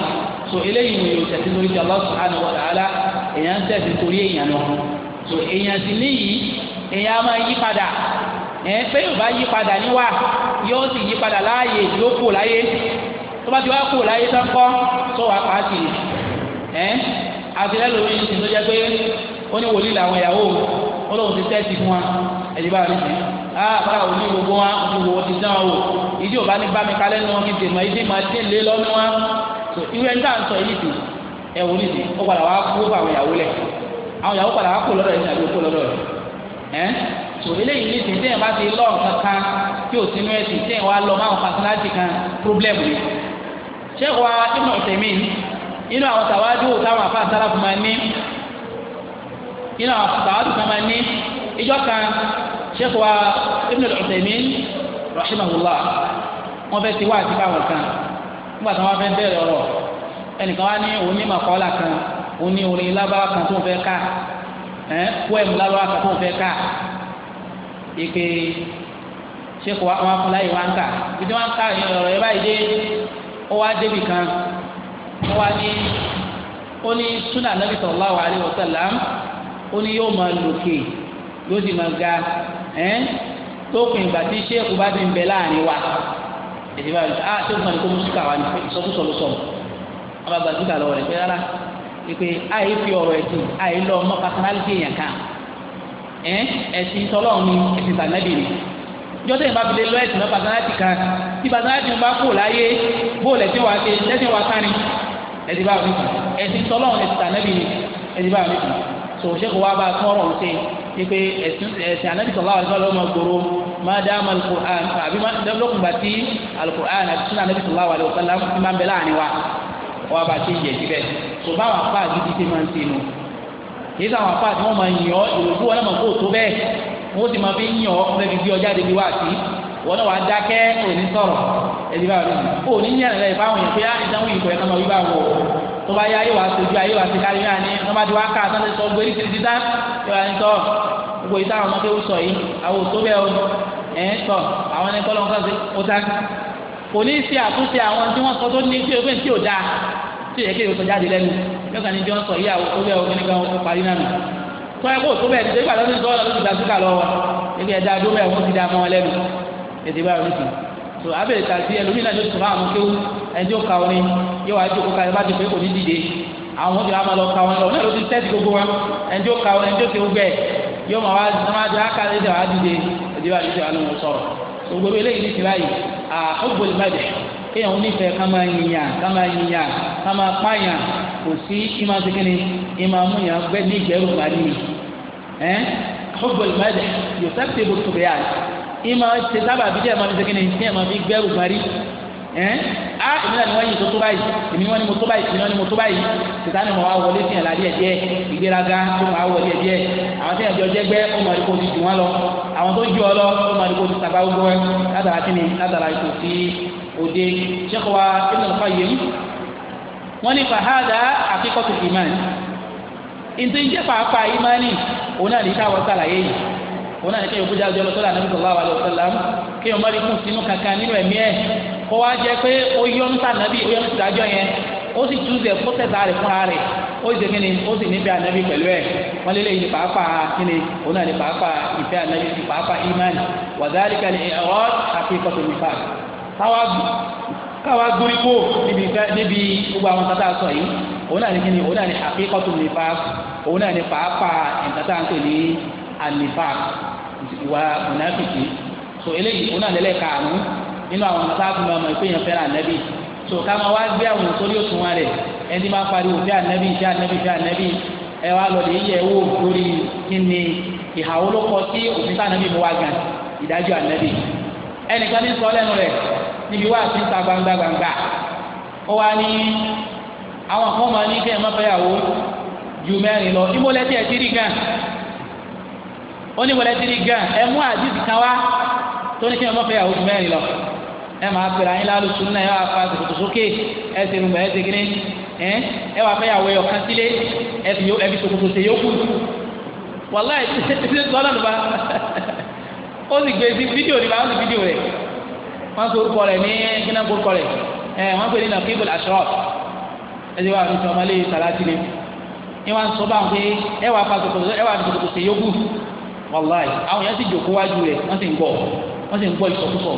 so eléyìí ni yóò tẹ̀sí nítorí Allah subhanahu wa ta'ala èèyàn ń tẹ̀sí nítorí èèyàn lọ so èèyàn sì níyìí èèyàn á máa yí padà ẹ pé yóò bá yí padà níwà yóò sì yí padà láàyè yóò kù láyé tó bá ti wá kù láyé tán kọ́ tó wàá pàá sí ẹ àti lẹ́lòmíì ti tó wọn lọ́wọ́ ti tẹ́tì fún wa ẹ̀dí bá rí sí a bára òní gbogbo wa òní gbogbo ti dán wa wò ìdí ò bá ní bá mi kalẹ̀ nù wọn kí n tèmọ̀ ìdí máa dé lé lọ́nu wa tó irú ẹni tá à ń sọ yìí ti ẹ wò nídìí ó padà wá kó fún àwọn ìyàwó lẹ̀ àwọn ìyàwó padà wá kó lọ́dọ̀ yìí àbí ó kó lọ́dọ̀ rẹ̀ ẹ́ tó eléyìí ní ti tẹ́yìn bá ti lọ́ nǹkan kan tí ò sínú ẹ̀ sì tẹ́yìn wá lọ máwọn fasinájì kan pírọ́blẹ́mù ni nínú àwọn sàbàtù kan máa ní ìjọ kan sheikh wa ibn al-Uthaymin rahimahullah wọn fẹẹ ti wá àti báwọn kan nígbà tí wọn fẹẹ bẹ̀rẹ̀ ọ̀rọ̀ ẹnìkan wá ní òun ní màkọọlà kan òun ní orin lábáwá kan tó ń fẹ́ ká ẹ pọẹmù lábáwá kan tó ń fẹ́ ká ike sheikh wa wọn wá ń kà ìdí wọn ká ọ̀rọ̀ yẹn báyìí dé ó ó ní yóò máa lòkè yóò sì máa ga ẹ́ tókùn ìgbà tí sẹ́ẹ̀kù bá ti ń bẹ láàrin wa èdè bá a ah, sẹ́ẹ̀kù náà ní kó mú síkà wa ní ìsọkúsọ ló sọ̀rọ̀ ọba gba síkà lọ́wọ́ rẹ̀ pé rárá pé àyè fi ọ̀rọ̀ ẹ̀sìn àyè lọ ọmọ pàtàkì èèyàn kan ẹ́ ẹ̀sìn tọ́lọ́run ni ẹ̀sìn tànẹ́bì ni jọ́sẹ̀ yìí bá fi lé lọ ẹ̀sìn lọ pàtàkì kan tí pàtàkì bá kú láyé bóòlù ẹ̀sìn wa ṣe ẹ̀sìn wa kárin ẹ̀sìn bá wà nípa ẹ̀sìn tọ́lọ́run ẹ̀sìn tànẹ́bì ni ẹ̀sìn bá wà nípa so sheikh wa bá tún ọ̀rọ̀ ṣe ni pé ẹ̀sìn anabi sọlá wa sọlá ọmọ gbòòrò má dáàmà alukur'an àbí má lọ́kùn bá ti alukur'an àti sunan anabi sọlá wa sọlá máa ń bẹ láàrin wa wa bá ti yẹ síbẹ̀ so báwọn afá gidi ti máa ń sinú kì í sáwọn afá tí wọ́n máa yàn ọ́ ìròyìn wọn náà máa kó tó bẹ́ẹ̀ wọ́n sì máa fi yàn ọ́ fẹ́ẹ́ fi ọjà débi wá sí ah, wọn náà wà á dákẹ́ òní sọ̀rọ̀ ẹ̀dí báwọn òní yàn tó bá yá yóò wá sojú ayé wá sí kárí náà ní wọ́n bá ti wá ká àtàn lè sọ gbé ní títí tá yóò wá ní tọ́ gbogbo ìta àwọn ọmọdé wù sọ yìí àwọn òtó bẹ́ẹ̀ o ẹ̀ ń tọ̀ àwọn ẹni tọ́lọ́ nǹkan sí ó tá kò ní í ṣe àtúnṣe àwọn tí wọ́n sọ tó ní pé òfin tí ò dáa tí èké yóò sọ jáde lẹ́nu yọ̀ọ̀kan ní bí wọ́n sọ yìí àwọn òtó bẹ́ẹ̀ o nígbà wọn fún parí náà nù tọ́ ẹ kó òtó bẹ́ẹ̀ ti dé ìgbà lọ́dún so abe ta sí ẹlòmíì náà ló sùn fún àwọn kéwù ẹni tí ó ka orin yóò wá jókòó kalẹ̀ bá ti pé kò ní dìde àwọn ọmọdé wa máa lọ ka orin lọ náà ló ti tẹ́tí gbogbo wa ẹni tí ó ka orin ẹni tí ó kéwù bẹ́ẹ̀ yóò máa wá sọmájú akáde ìdè wá dìde ìdè wá dìde wá ló ń gbogbo eléyìí ní ti báyìí ó gbòòlì bàjẹ́ kéèyàn onífẹ̀ẹ́ ká máa yìnyà ká máa yìnyà ká máa pààyàn kò sí ìmọ̀ sikini ìmọ̀ amúyàn gbẹ́ ní ìgbẹ́rù màdìmí ẹ́ ó gbòòlì bàjẹ́ yóò sẹ́kítì bó tóbi Ima ṣe saba bí díẹ̀ máa fi segin ní ìsìn máa fi gbẹ́rù parí ẹ̀ á èmi náà ni wọ́n yin tó tó báyìí èmi wọ́n ni mo tó báyìí èmi náà ni mo tó báyìí tìta ni mo wá wọlé sí ẹ̀la díẹ̀ díẹ̀ ìgbéraga tó máa wọlé díẹ̀ àwọn tí ìjọ jẹ́gbẹ́ ó máa dìbò ti jù wọ́n lọ àwọn tó jù ọ lọ ó máa dìbò ti sàgbà gbogbo ẹ látara kí ni látara ikú sí òde ṣẹ́kọ̀ wa Ibn al-Qayyim wọ́n ní fàhádà àkíkọ́tù ìmáàní ìdí jẹ́ pàápàá ìmáàní òun náà ní káwọ́ sàlàyé òun náà ní kéèyàn kújà ọjọ́ lọ́sọ́dọ̀ ànábì sallallahu alaihi wasallam kéèyàn má rí kùn sínú kankan nínú ẹ̀mí ẹ̀ kó wá jẹ́ pé ó yọ ń tà nábì ó yọ ń tà jọ yẹn ó sì tú zẹ̀ kó tẹ̀sà rẹ̀ fúnra rẹ̀ ó sì kí ni ó sì níbi ànábì pẹ̀lú ẹ̀ wọ́n lé lẹ́yìn pàápàá kí ni òun náà ní pàápàá ìfẹ́ ànábì sí pàápàá iman wa dhalika ẹ̀rọ àti ìkọ̀tò nípa káwa gbórí kó níbi gbogbo àwọn tata sọ yìí òun náà ní kí ni òun náà ní àkíkọ́tò nípa òun náà ní pàápàá ìtàtà ń pè anifak wa mùnàfìkì so eléyìí òun náà lẹ́lẹ́ kàánú nínú àwọn ọ̀nà táàbù máa mọ fẹ́ràn ànábì so ká máa wá gbé àwọn sórí òtún wa rẹ̀ ẹni máa pariwo fẹ́ ànábì fẹ́ ànábì fẹ́ ànábì ẹ wá lọ lè yẹ owó lórí kíni ìhàwó ló kọ sí òfin tá ànábì mú wa gan ìdájọ́ ànábì ẹnìkan ní sọ lẹ́nu rẹ̀ níbi wá sí ta gbangba gbangba ó wá ní àwọn kan máa ní kẹ́ ẹ̀ má fẹ́yàwó ju mẹ́rin lọ ìmọ̀lẹ́tì ó ní wọlé tiri gan ẹ mú àdìsí kan wá tó ní kí wọn mọ̀fẹ́ yàwó mẹ́rin lọ ẹ máa pèrè àyín lálù sùn náà ẹ wàá fa sòkòtò sókè ẹ ti rùmọ̀ ẹ ti gíní ẹ ẹ wàá fẹ́ yàwó ẹ ọ̀kan sílé ẹ fi sòkòtò sè yókù wàláì ṣe ṣe lọ́nà ló bá ó sì gbé sí fídíò ní bá ó sì fídíò rẹ̀ wọ́n sọ orúkọ rẹ̀ ní gíná orúkọ rẹ̀ ẹ wọ́n pè ní nàkíbul ashraf ẹ ti wá sọmọlé sàlátì wàláì àwọn yẹn ti jòkó wájú rẹ̀ wọ́n sì ń gbọ́ wọ́n sì ń gbọ́ ìsọkúsọ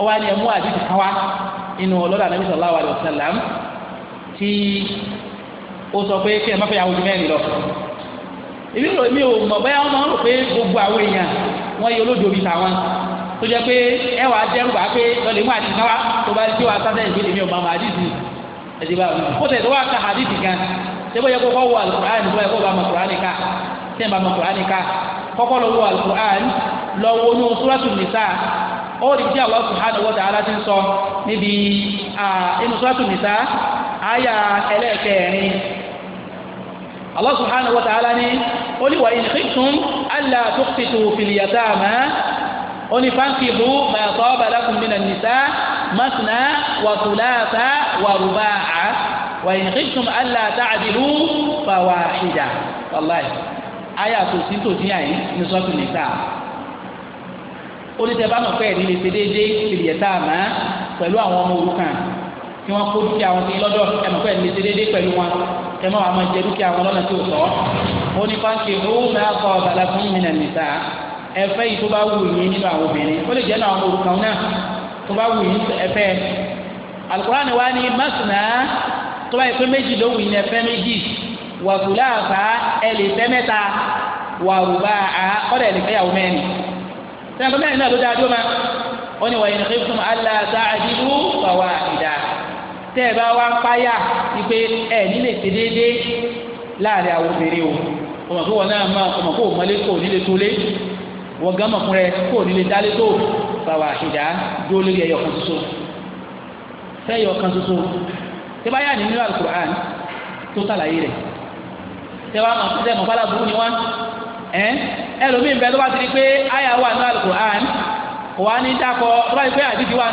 ó wá ní ẹmú àdìsí kan wá inú ọlọ́dà nàbí sallallahu alaihi wasallam tí ó sọ pé kí ẹ má fẹ́ yàwó ju mẹ́rin lọ èmi rò mí ò mọ̀ bẹ́ẹ̀ wọ́n máa ń rò pé gbogbo àwọn èèyàn wọ́n yẹ olódò bíi tàwọn tó jẹ́ pé ẹ wàá dẹ́rù wá pé lọ́lẹ̀ mú àdìsí kan wá tó bá tí wàá sáfẹ́ ìgbé èmi ò máa mọ àdìsí ẹ̀dí bá wọn kó tẹ̀síwá ka àdìsí kan ṣé bóyá kó kọ́ wọ àlùkùránì bóyá kó bá mọ̀ kùránì ká tẹ́ ń bá mọ̀ kùránì ká kọ́kọ́ lọ́wọ́ alukur'an lọ́wọ́ ní sùrọ̀tù nìsa ó rí bí Allah subhanahu wa ta'ala ti ń sọ níbi inú sùrọ̀tù nìsa àyà ẹlẹ́ẹ̀kẹrin Allah subhanahu wa ta'ala ní ó ní wa in khiftum alla tuqsitu fil yatama ó ní fankihu ma taba lakum minan nisa masna wa thulatha wa ruba'a wa in khiftum alla fawahida wàláyé ayé àtòsí tòsí àyè ní sọ́ọ̀tù nìta oníṣẹ́ bá mọ̀ pé ẹ̀rí lè ṣe déédéé ìrìyẹ̀ tá a mọ̀ pẹ̀lú àwọn ọmọ òrukàn kí wọ́n kó dúkìá wọn sí lọ́dọ̀ ẹ̀ mọ̀ pé ẹ̀rí lè ṣe déédéé pẹ̀lú wọn ẹ̀ mọ̀ àwọn jẹ dúkìá wọn lọ́nà tí ò sọ ó ní pàǹkì owó máa kọ ọ̀bàlà fún mi nàní ta ẹ̀fẹ́ yìí tó bá wù yín nínú àwọn obìnrin ó lè jẹ́ náà àwọn òrukàn náà Al-Qur'an wa ni masina tó bá yẹ pé méjì wàgùlà àfà ẹ lè fẹ́ mẹ́ta wàrùbá à ọ̀dà ẹ lè fẹ́ yàwó mẹ́rin sẹ́yìn mẹ́rin náà ló dáa dó ma ó ní wàyí nìkan fún aláàtà àdìrú wàwà ìdá tẹ́ ẹ bá wá ń páyà ipe ẹ nílé ṣe déédéé láàrin àwọn obìnrin o ọmọ kó wọn náà máa ọmọ kó mọlé kó nílé tó lé wọn gán mọ̀ fún rẹ kó nílé dálé tó wàwà ìdá dúró lórí ẹyọ kan ṣoṣo fẹ́ yọ kan ṣoṣo tí bá yà ní nínú al tẹ́wọ́ àmọ́ fún sẹ́mu fálà burú ni wọ́n ẹ́ ẹlòmíín bẹ́ẹ̀ tó bá ti di pé àyà wà nínú alukur'an kò wá ní dákọ̀ tó bá ti pé àdìdì wà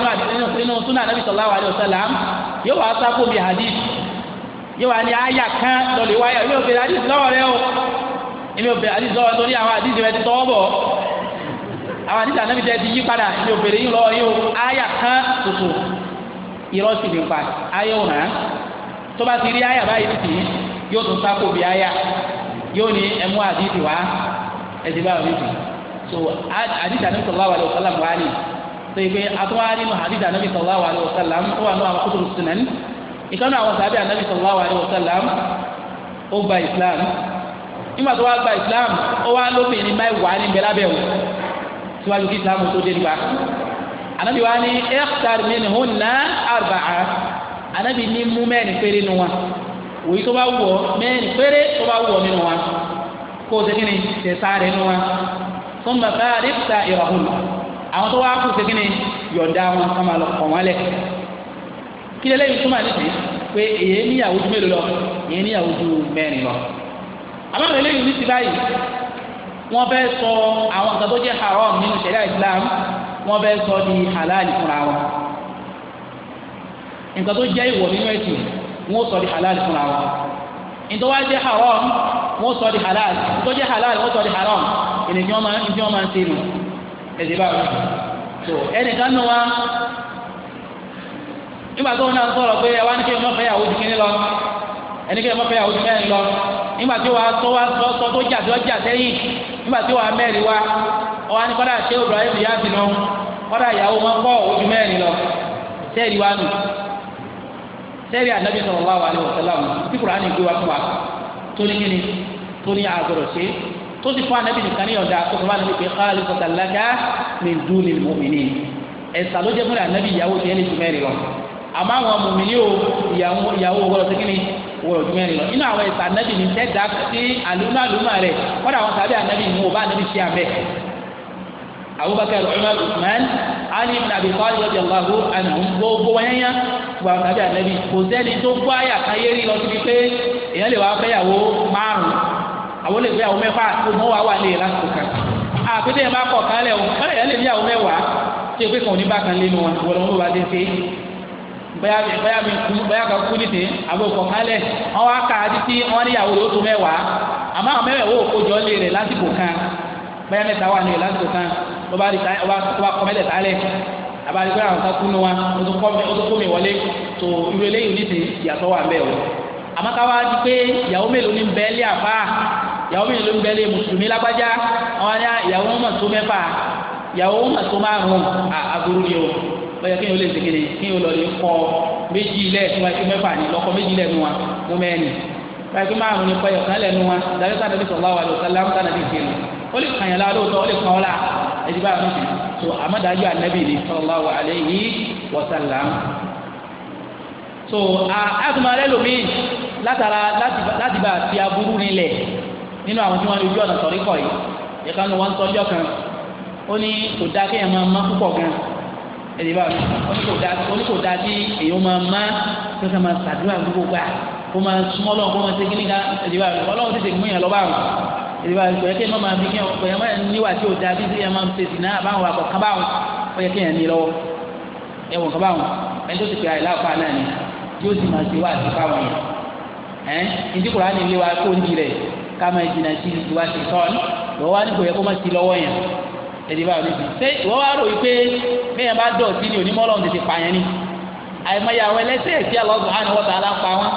nínú sunnah nabi sallallahu alayhi wa sallam yóò wá sáko bí hadith yóò wá ní àyà kan lọ́lẹ̀ wáyà èmi ò bẹ̀rẹ̀ hadith lọ́wọ́ rẹ o èmi ò bẹ̀rẹ̀ hadith lọ́wọ́ torí àwọn hadith rẹ ti tọ́ bọ̀ àwọn hadith anabi tẹ́ ti yí padà èmi ò bẹ̀rẹ̀ yín lọ́wọ́ yín o àyà kan tuntun irọ́ sì ní pa ayé òun hàn tó bá ti rí àyà báyìí tì í yóò tún sáko bí aya yóò ní ẹmú àdìsí wá ẹdí bá òdìsí so àdìsí ànábì sallallahu alaihi wasallam wà ní so ìgbé àtúwá nínú àdìsí ànábì sallallahu alaihi wasallam ó wà ní àwọn kótó sunan ìkànnì àwọn sàbẹ ànábì sallallahu alaihi wasallam ó gba islam nígbà tó wá gba islam ó wá lóbìnrin máa wà ní bẹlábẹ o síwájú kí islam tó dé nípa ànábì wá ní ikhtar minhunna arba'a ànábì ní mú mẹ́rin péré nu wọn òyì tó bá wù ọ mẹ́rin péré tó bá wù ọ nínú wa kó o segin ni tẹ̀sà rẹ̀ nínú wa tó ń bá bá rẹ́pítà ìrọ̀hùn àwọn tó wá kó o segin ni yọ̀ǹda wọn kọ́ máa lọ kọ̀ wọ́n lẹ̀ kí lélẹ́yìn túmọ̀ nídìí pé èyí níyàwó ju mélòó lọ èyí níyàwó ju mẹ́rin lọ àbáwọn eléyìí ní ti báyìí wọ́n fẹ́ sọ àwọn nǹkan tó jẹ́ haram nínú ṣẹ̀ríà Islam wọ́n fẹ́ sọ di halal fúnra wọn nǹkan tó jẹ́ ìwọ̀ nínú ẹ̀sìn wọ́n sọ di halal fúnra wọn ntọ́wá jẹ́ haram wọ́n sọ di halal ntọ́ jẹ́ halal wọ́n sọ di haram ẹni tí wọ́n máa ń tí wọ́n máa ń ṣe nù ẹ̀sìn báwo so ẹnìkan nù wa nígbà tó ń náà sọ̀rọ̀ pé àwa ní kí ọmọ fẹ́ yàwó ju kínní lọ ẹni kí ọmọ fẹ́ yàwó ju mẹ́rin lọ nígbà tí wàá tó wá sọ sọ tó jà tó jà sẹ́yìn nígbà tí wàá mẹ́rin wa ọ̀wá ní kọ́dà ṣé Ibrahim yá bínú kọ́dà ìyàwó wọn kọ́ ojú mẹ́rin lọ sẹ́ẹ̀rì wa nù sẹ́rí ànábì sallallahu alaihi wasallam tí kùránì gbé wa fún wa tó ní kíni tó ní àgọ́dọ̀ ṣe tó ti fún ànábì nìkan ní ọ̀dà tó fún ànábì pé káàlì sọ̀tà lájà min dunil mu'minin ẹ̀sà ló jẹ́ fúnra ànábì ìyàwó tiẹ̀ ní jùmẹ́rin lọ àmọ́ àwọn mùmíní o ìyàwó wọ́rọ̀ sí kíni wọ́rọ̀ jùmẹ́rin lọ inú àwọn ẹ̀sà ànábì ní tẹ́ dá sí àlùmọ́ àlùmọ́ rẹ̀ wọ́n abubakar umar usman ali ibn abi talib radiyallahu anhum gbogbo wáyáyá gba ọ̀tàbí ànábì kò sẹ́ni tó gbọ́ àyà káyé rí lọ síbi pé èèyàn lè wá fẹ́yàwó márùn-ún àwọn lè fẹ́yàwó mẹ́fà tó mọ́ wá wà lè e lásìkò kan àpètè yẹn bá kọ̀ kálẹ̀ o kọ́lẹ̀ yẹn lè fẹ́yàwó mẹ́wàá tí èpè kan ò ní bá kan lẹ́nu wọn wọ́n lọ́wọ́ bá dé sí bóyá mi kú bóyá kan kú nìsín àbò kọ̀ kálẹ̀ wọ́n wá ká títí wọ́n níyàwó yóò tó mẹ́wàá àmọ́ àwọn mẹ́wàá wò kó jọ lé rẹ̀ lásìkò kan bóyá mẹ́ta wà ní rẹ̀ lásìkò kan lọ́ba rí sáyẹ́ ọba tó bá kọ́ mẹ́lẹ̀ sálẹ̀ abali pé àwọn kan kú nu wa o tó kọ́ mi o tó kó mi wọlé tó irú eléyìí ní ti ìyàtọ̀ wà mẹ́ o àmọ́káwá di pé ìyàwó mélòó ní bẹ́ẹ̀lì àbá ìyàwó mélòó ní bẹ́ẹ̀lì mùsùlùmí lágbájá àwọn ará ah, ìyàwó mọ̀ tó mẹ́fà ìyàwó mọ̀ tó márùn-ún ni o lọ́yẹ kí n ò lè segere kí n ò lọ lè kọ́ méjì lẹ̀ tí wọ́n ti mẹ́fà ní lọ́kọ́ méjì lẹ̀ nu wa mú mẹ́ni báyìí pé márùn-ún ni kọ́yọ̀ kan lẹ̀ nu wa dàbí sàdàbí sọ̀lá wa lọ́sàlá ẹni báyìí lóbi tó àmọ́dájú ànábì ni sallallahu alayhi wa sallam. tó àtúmọ̀ alẹ́ lómi látara láti bá àti aburú nílẹ̀ nínú àwọn tí wọ́n lè ojú ọ̀nà sọ̀rí kọ̀ yìí ìkan ló wọ́n tọ́jọ́ kan ó ní kò dáa kéèyàn máa má púpọ̀ gan ẹni báyìí ó ní kò dáa ó èèyàn máa má kí máa ṣàdúrà gbogbo gbà kó máa súnmọ́ lọ́wọ́ kó máa ṣe kíníkà ẹni báyìí ọlọ́run tètè mú yàn lọ́ ìdìbò àgbẹ̀ yẹ kí ẹ má máa fi kí ẹ ọkọ̀ yẹn má níwà tí o da bí ẹ máa ṣe sìnà àbáwọn àkọ́ kábàwọn ó yẹ kí ẹ ní lọ́wọ́ ẹ wọ̀ kábàwọn ẹni tó ti pè àyè láàpá náà ni tí ó sì máa ṣe wá àti káwọn yẹn ẹ ìdí kura ni ilé wa kó ní rẹ ká máa jìnnà sí ìdí wa ṣe tọ́ni lọ́wọ́ wa ní kò yẹ kó má ti lọ́wọ́ yẹn ẹ̀dìbò àgbẹ̀ ṣe ìwọ́ wa rò pé bẹ́ẹ̀ bá dọ̀tí ni onímọ̀ ọlọ́run tètè pààyàn ni àìmọye àwọn ẹlẹ́ṣẹ̀ tí Allah subhanahu wa ta'ala pa wọn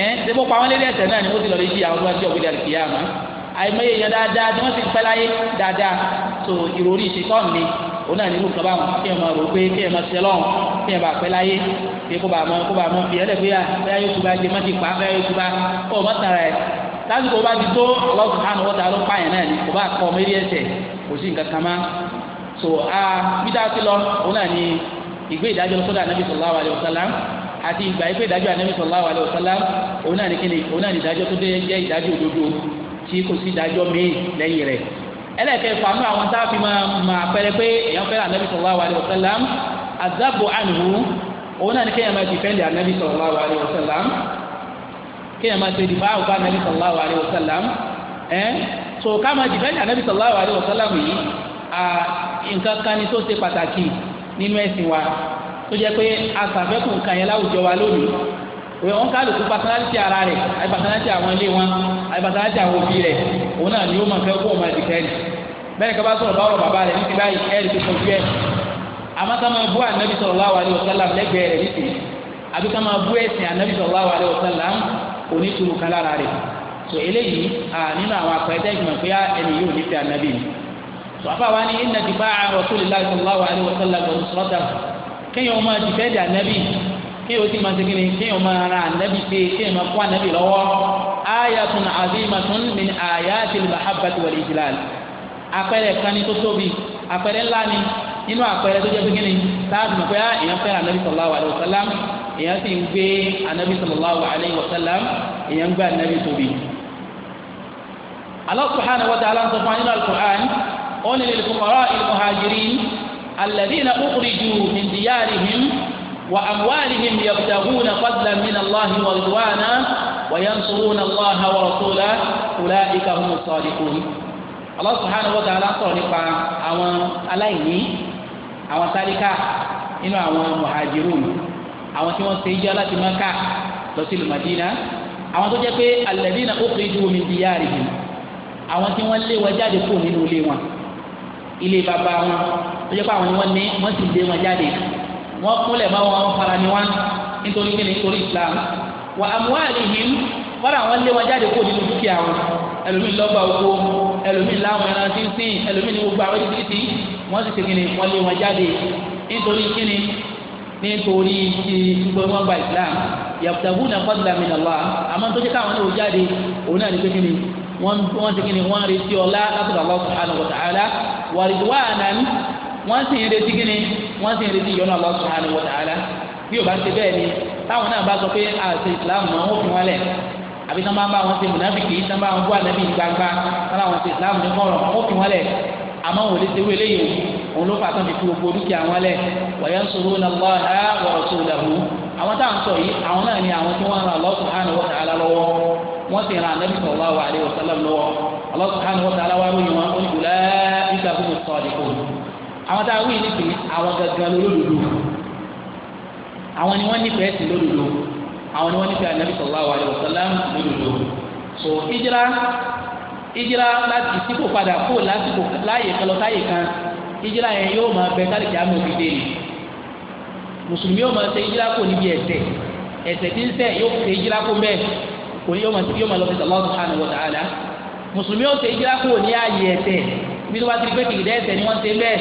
ẹ̀ ṣe ni mo ti lọ lè jí àwọn tó àìmọye èèyàn dáadáa tí wọ́n ti pẹ́ láyé dáadáa tó ìròrí ìṣètọ́n mi òun náà nínú kaba wọn kí ẹ máa rò pé kí ẹ máa ṣe lọ́wọ́ kí ẹ máa pẹ́ láyé kí kó bá a kó bá a máa fi ẹlẹ́gbẹ́ yà bẹ́ẹ̀ yóò tuba jẹ mọ́tì pa bẹ́ẹ̀ yóò tuba kó o mọ́ tara ẹ̀ lásìkò bá ti tó Allah subhanahu wa ta'ala pààyàn náà ni kò bá kọ́ ọmọ ẹsẹ̀ kò sí nǹkan kan má so a bí ti lọ òun náà ni ìgbé ìdájọ́ sọ́dọ̀ anabi sallallahu alayhi wa àti ìgbà ìgbé ìdájọ́ anabi sallallahu alayhi wa òun náà ni kíni òun náà ni ìdájọ́ tó dé jẹ́ ìdájọ́ òdodo tí kò sí ìdájọ́ míì lẹ́yìn rẹ̀ ẹlẹ́kẹ̀ẹ́fà nínú àwọn tá a fi máa máa pẹ́rẹ́ pé èèyàn fẹ́ràn anabi sallallahu alayhi wa sallam azabu anhu òun náà ni kéèyàn máa dìfẹ́ndì anabi sallallahu alayhi wa sallam kéèyàn máa ṣe dìbò àwọn anabi sallallahu alayhi wa sallam ẹ́ so ká máa dìfẹ́ndì anabi sallallahu alayhi wa sallam yìí nǹkan kan ni tó ṣe pàtàkì nínú ẹ̀sìn wa tó jẹ́ pé asàfẹ́kù nǹkan yẹn láwùjọ wa lónìí pé wọn kálukú pàtàkì ara rẹ̀ àyè pàtàkì àwọn ilé wọn àyè pàtàkì àwọn òbí rẹ̀ òun náà ni ó máa fẹ́ kó o máa di kẹrì bẹ́ẹ̀ kaba sọ̀rọ̀ báwọ bàbá rẹ̀ níbi báyìí ẹrì tó kọjú ẹ àmọ́ ká máa bú ànábì sallallahu alaihi wasallam lẹ́gbẹ̀ẹ́ rẹ̀ níbi àbí ká máa bú ẹsìn ànábì sallallahu alaihi wasallam onítùrù kálára rẹ̀ so eléyìí nínú àwọn àpẹẹtẹ ìgbìmọ̀ pé ẹni yóò nífẹ̀ẹ́ ànábì ni so àbáwá ni inna dìbà rasulillah sallallahu alaihi wasallam lọ́sọ̀tà kéèyàn máa dìbẹ́ẹ̀dì ànábì kí o ti máa segin ni kí o máa ra anabi ṣe kí o máa kó anabi lọ́wọ́ ayatun azimatun min ayatil mahabbati wal ijlal àpẹẹrẹ kan ni tó tóbi àpẹẹrẹ ńlá ni nínú àpẹẹrẹ tó jẹ́ segin ni sáàtì mọ̀ pé ah, èèyàn fẹ́ràn anabi sallallahu alayhi wa sallam èèyàn sì ń gbé anabi sallallahu alayhi wa sallam èèyàn gbé anabi tóbi. Allah subhanahu wa ta'ala sọ fún wa nínú al-Qur'an ó ní lil fuqara al-muhajirin alladhina ukhriju min وأموالهم يبتغون فضلا من الله ورضوانا وينصرون الله ورسوله أولئك هم الصادقون الله سبحانه وتعالى sọ̀rọ̀ nípa àwọn aláìní àwọn tálíkà nínú àwọn muhajirun àwọn tí wọ́n ṣe jẹ́ láti maka lọ sí lùmàdínà àwọn tó jẹ́ pé alladhina ukhriju min diyarihim àwọn tí wọ́n lé wọn jáde kúrò nínú ilé wọn ilé bàbá wọn tó jẹ́ pé àwọn ni wọ́n ní wọ́n sì lé wọn jáde wọ́n kúnlẹ̀ máa wọn fara ni wọn nítorí kí ni nítorí islam wà amwalihim wọ́n àwọn lé wọn jáde kó nínú dúkìá wọn ẹlòmíì lọ́gbà oko ẹlòmíì láwọn ẹran tí ń sìn ẹlòmíì ní gbogbo àwọn títí tí wọ́n sì segin ni wọ́n lé wọn jáde nítorí kí ni nítorí ti gbogbo wọn gba islam yabtaguna fadlan min Allah àmọ́ tó jẹ́ káwọn ní o jáde òun náà ní pé kí ni wọ́n segin ni wọ́n retí ọlá látọ̀dọ̀ Allah subhanahu wa ta'ala wa ridwanan wọ́n sì ń retí kíni wọ́n sì ń retí ìyọ́nú Allah subhanahu wa ta'ala bí o bá ṣe bẹ́ẹ̀ ni táwọn náà bá sọ pé àti ìsìláàmù náà wọ́n fi wọ́n lẹ̀ àbí tí wọ́n bá ń bá wọn ṣe mùnáfìkì tí wọ́n bá ń bú ànábì gbangba tí wọ́n ṣe ìsìláàmù ní kọ̀rọ̀ wọ́n fi wọ́n lẹ̀ àmọ́ wò lè ṣe wé léyìn òun ló fàtàn fi gbogbo dúkìá wọn lẹ̀ wa yansuruna Allaha náà wọ́n ran Allah subhanahu àwọn tá a wí nípìn àwọn gangan lólódodo àwọn ni wọ́n nífẹ̀ẹ́ sí lódodo àwọn ni wọ́n nífẹ̀ẹ́ anabi sallallahu alaihi wasallam lódodo so ìjìrá ìjìrá láti sípò padà kó lásìkò láàyè kan lọ sáyè kan ìjìrá yẹn yóò máa bẹ káàkiri àmì òbí dé ni mùsùlùmí yóò máa ṣe ìjìrá kò níbi ẹ̀ṣẹ̀ ẹ̀ṣẹ̀ tí ń ṣẹ̀ yóò ṣe ìjìrá kò mẹ kò ní yóò máa lọ sí Allah subhanahu wa ta'ala mùsùlùmí yóò ṣe ìjìrá kò ní ààyè ẹ̀ṣẹ̀ bí tó bá ti di pé kì í dẹ́sẹ̀ ni wọ́n ti bẹ́ẹ̀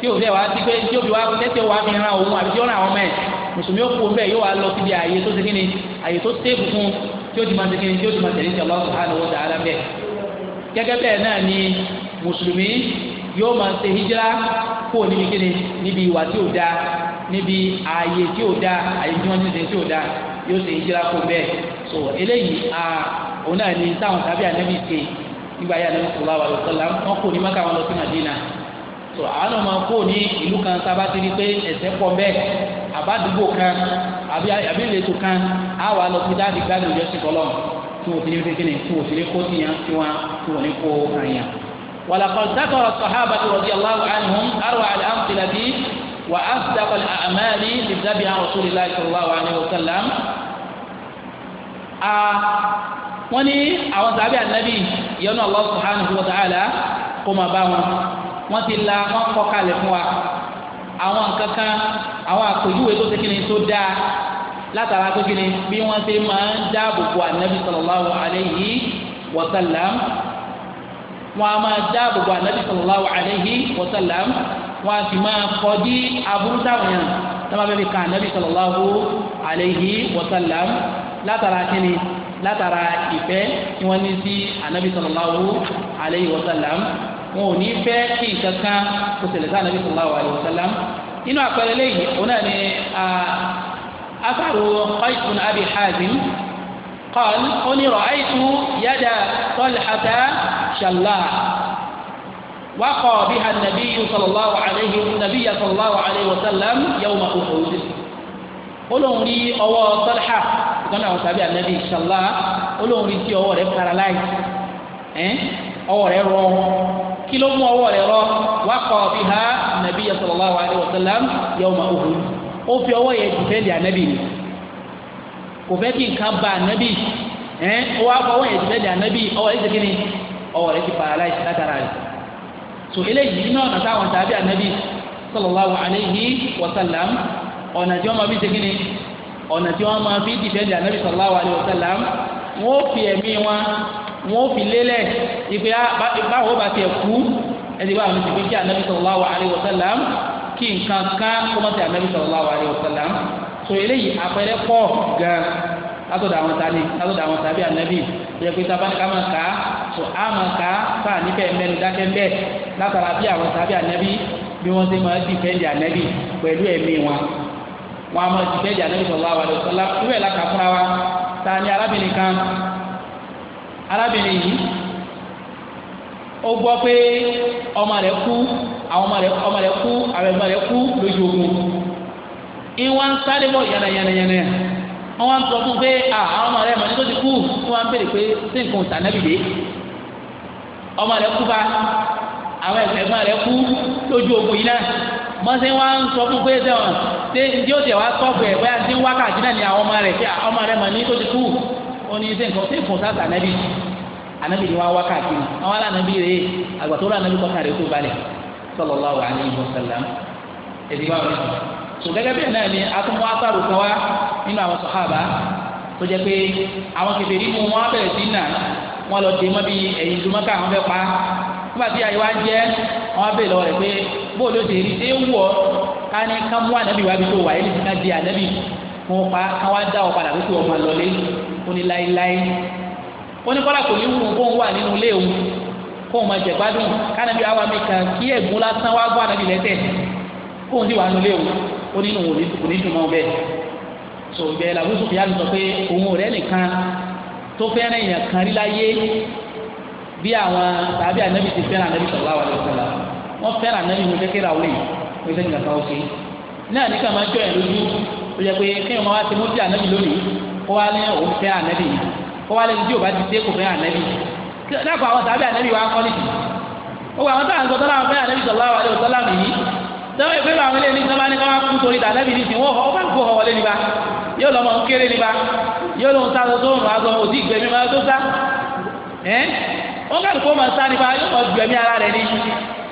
tí ò fẹ́ wá ti pé tí ó fi wá tẹ́tẹ́ wá fi ran òun àbí tí ó ran àwọn ọmọ ẹ̀ mùsùlùmí ó kú bẹ́ẹ̀ yóò wá lọ síbi àyè tó ti kíni àyè tó tẹ́ fún tí ó ti máa ti kíni tí ó ti máa tẹ̀lé ti Allah subhanahu wa ta'ala bẹ́ẹ̀ gẹ́gẹ́ bẹ́ẹ̀ náà ni mùsùlùmí yóò máa ṣe hijira kó níbi kíni níbi ìwà tí ò dáa níbi ààyè tí ò dáa àyè tí wọ́n ti ṣe tí ò dáa yóò ṣe hijira kó bẹ́ẹ̀ so eléyìí nígbà yà ní mùsùlùmá wà lọ́sọ̀ là wọ́n kò ní maka wọn lọ sí madina tó àwọn ọmọ kò ní ìlú kan sábà ti di pé ẹ̀sẹ̀ pọ̀ bẹ́ẹ̀ àbádùgbò kan àbí ìletò kan á wà lọ sí dáàbì gbádùn ìjọsìn kọlọ́ tí wọ́n fi ní kékeré tí wọ́n fi ní kó tìyàn tí wọ́n tí wọ́n ní kó àyàn. ولقد ذكر الصحابة رضي الله عنهم أروع الأمثلة وأصدق الأعمال للذبح عن رسول الله صلى الله عليه وسلم wọ́n ní àwọn sàbí ànábì ìyọ́nú Allah subhanahu wa ta'ala kó máa bá wọn wọ́n ti la wọ́n kọ́ kalẹ̀ fún wa àwọn nǹkan kan àwọn àpèjúwe tó tẹ́kìnì tó dáa látara pé bí wọ́n ti máa ń dáàbò bo ànábì sallallahu alayhi wa sallam a máa dáàbò bo ànábì sallallahu alayhi wa sallam a sì máa kọjú aburú táwọn yàn lọ́wọ́ bẹ́ẹ̀ bí kan ànábì sallallahu alayhi wa látara kíni. látara ìfẹ́ tí wọ́n ní sí anabi sallallahu alayhi wa sallam wọn ò ní fẹ́ kí nǹkan kan kó ṣẹlẹ̀ sí anabi sallallahu alayhi wa sallam inú àpẹẹrẹ lẹ́yìn òun náà ni afaru qais abi hazim qal ó ní ra'aytu yada talhata shalla waqa biha an-nabiy sallallahu alayhi an-nabiy sallallahu alayhi wa sallam yawma uhud. olóhùn rí ọwọ́ Talha ìkànnì àwọn sábẹ́ ànábì sàlá olóhùn rí tí ọwọ́ rẹ̀ paralyze ẹ̀ ọwọ́ rẹ̀ rọ kí ló mú ọwọ́ rẹ̀ rọ waqafa biha nabiyya sallallahu alaihi wasallam yawma Uhud ó fi ọwọ́ yẹn dìfẹ́ndì ànábì ni kò fẹ́ kí nǹkan ba ànábì ẹ̀ ó wá fọwọ́ yẹn dìfẹ́ndì ànábì ọwọ́ rẹ̀ ti kí ọwọ́ rẹ̀ ti paralyze látara rẹ̀ so eléyìí náà nàtàwọn ọ̀nà tí wọ́n máa fi ṣe kí ni ọ̀nà tí wọ́n máa fi dìfẹ́ndì ànábì sallallahu alaihi wasallam wọ́n fi ẹ̀mí wọn wọ́n fi lélẹ̀ ìpè ah, báwo bá tiẹ̀ kú ẹ̀sìn báwo ni ti fi ànábì sallallahu alaihi wasallam kí nǹkan kan kó má ti ànábì sallallahu alaihi wasallam so eléyìí àpẹẹrẹ pọ̀ gan látọ̀dọ̀ àwọn tani látọ̀dọ̀ àwọn tàbí ànábì ìyẹn pé sábà ní ká máa kà á so á máa kà á fà níbẹ̀ mẹ́nu dákẹ́ ń bẹ̀ látara bí àwọn tàbí ànábì bí wọ́n ti máa dìfẹ́ndì ànábì pẹ̀lú ẹ̀mí wọn wọn a máa ju bẹ́ẹ̀ di anabi sallallahu alaihi wasallam irú ẹ̀ láka fúnra wa ta ni arábìnrin kan arábìnrin yìí ó gbọ́ pé ọmọ rẹ̀ kú àwọn ọmọ rẹ̀ ọmọ rẹ̀ kú àwọn ọmọ rẹ̀ kú lójú ogun ìwọ̀n ń sáré bọ̀ yànnàyànnàyànnà wọ́n wá ń sọ fún pé àwọn ọmọ rẹ̀ mọ̀ ní tó ti kú wọ́n wá ń béèrè pé sí nǹkan ọ̀tà náà bìbè ọmọ rẹ̀ kú bá àwọn ẹ̀gbọ́n rẹ̀ kú lójú ogun yìí náà mọ́sẹ́ wa ń sọ fún pé ṣe wọn ṣé njẹ́ ó tẹ̀ wá sọ́ọ̀bù ẹ̀ bóyá ṣé ń wá káàkiri náà ni àwọn ọmọ rẹ̀ ṣe ọmọ rẹ̀ mọ̀ ní tó ti kú ó ní ṣe nǹkan ṣé kò sá sànẹ́bí ànábì ni wá wá káàkiri àwọn alànàbí rẹ̀ àgbà tó lànàbí kọ́kà rẹ̀ tó balẹ̀ sallallahu alaihi wasallam èdè wa wọ̀ sọ gẹ́gẹ́ bẹ́ẹ̀ náà ni atúmọ̀ asáró kan wá nínú àwọn sọ̀hábà tó jẹ́ pé àwọn kèfèrí mú wọn bẹ̀rẹ̀ sí nà wọn lọ dé mọ́ bí pa nígbà tí àyè wa jẹ́ wọn á bèèrè lọ rẹ̀ pé bóòlù ti rí ṣé wù ọ́ ká ní ká mú ànábì wá bí tó wà yìí ká di ànábì fún pa ká wá dá o padà wípé ọmọ lọlé ó ní láéláé ó ní kọ́lá kò ní wù kóun wà nínú ilé òun kóun máa jẹ gbádùn kánábì àwa mi kàn kí ẹ̀gbọ́n lásán wá gbọ́ ànábì lẹ́tẹ̀ kóun sì wà nínú ilé òun ó nínú òun kò ní dùn mọ́ bẹ́ẹ̀ bí àwọn tàbí ànábì ti fẹ́ràn ànábì sallallahu alaihi wasallam wọ́n fẹ́ràn ànábì wọn kékeré àwọn èyí wọ́n fẹ́ràn nǹkan kan ṣe náà ní ká máa jọ ẹ̀ lójú ó yẹ pé kéèyàn máa wá ti mọ́tì ànábì lónìí kó wá ní òun fẹ́ ànábì kó wá lẹ́ni tí ò bá ti dé kò fẹ́ ànábì dákọ̀ àwọn tàbí ànábì wa kọ́ nìyí ó wà àwọn táwọn sọ tọ́lá àwọn fẹ́ ànábì sallallahu alaihi wasallam yìí tọ́wọ́ ìpè bá àwọn eléyìí sábà ní ká wá kú torí tànábì ní ìsìn wọ́n ọ bá kó ọwọ́lé nípa yóò lọ́mọ ń kéré nípa yóò lóun sá tó tó ń rà á sọ òdì ìgbẹ́mí máa tó sá ẹ́ wọ́n kàlù kó máa sáré bá yóò máa ju ẹ̀mí ara rẹ̀ ní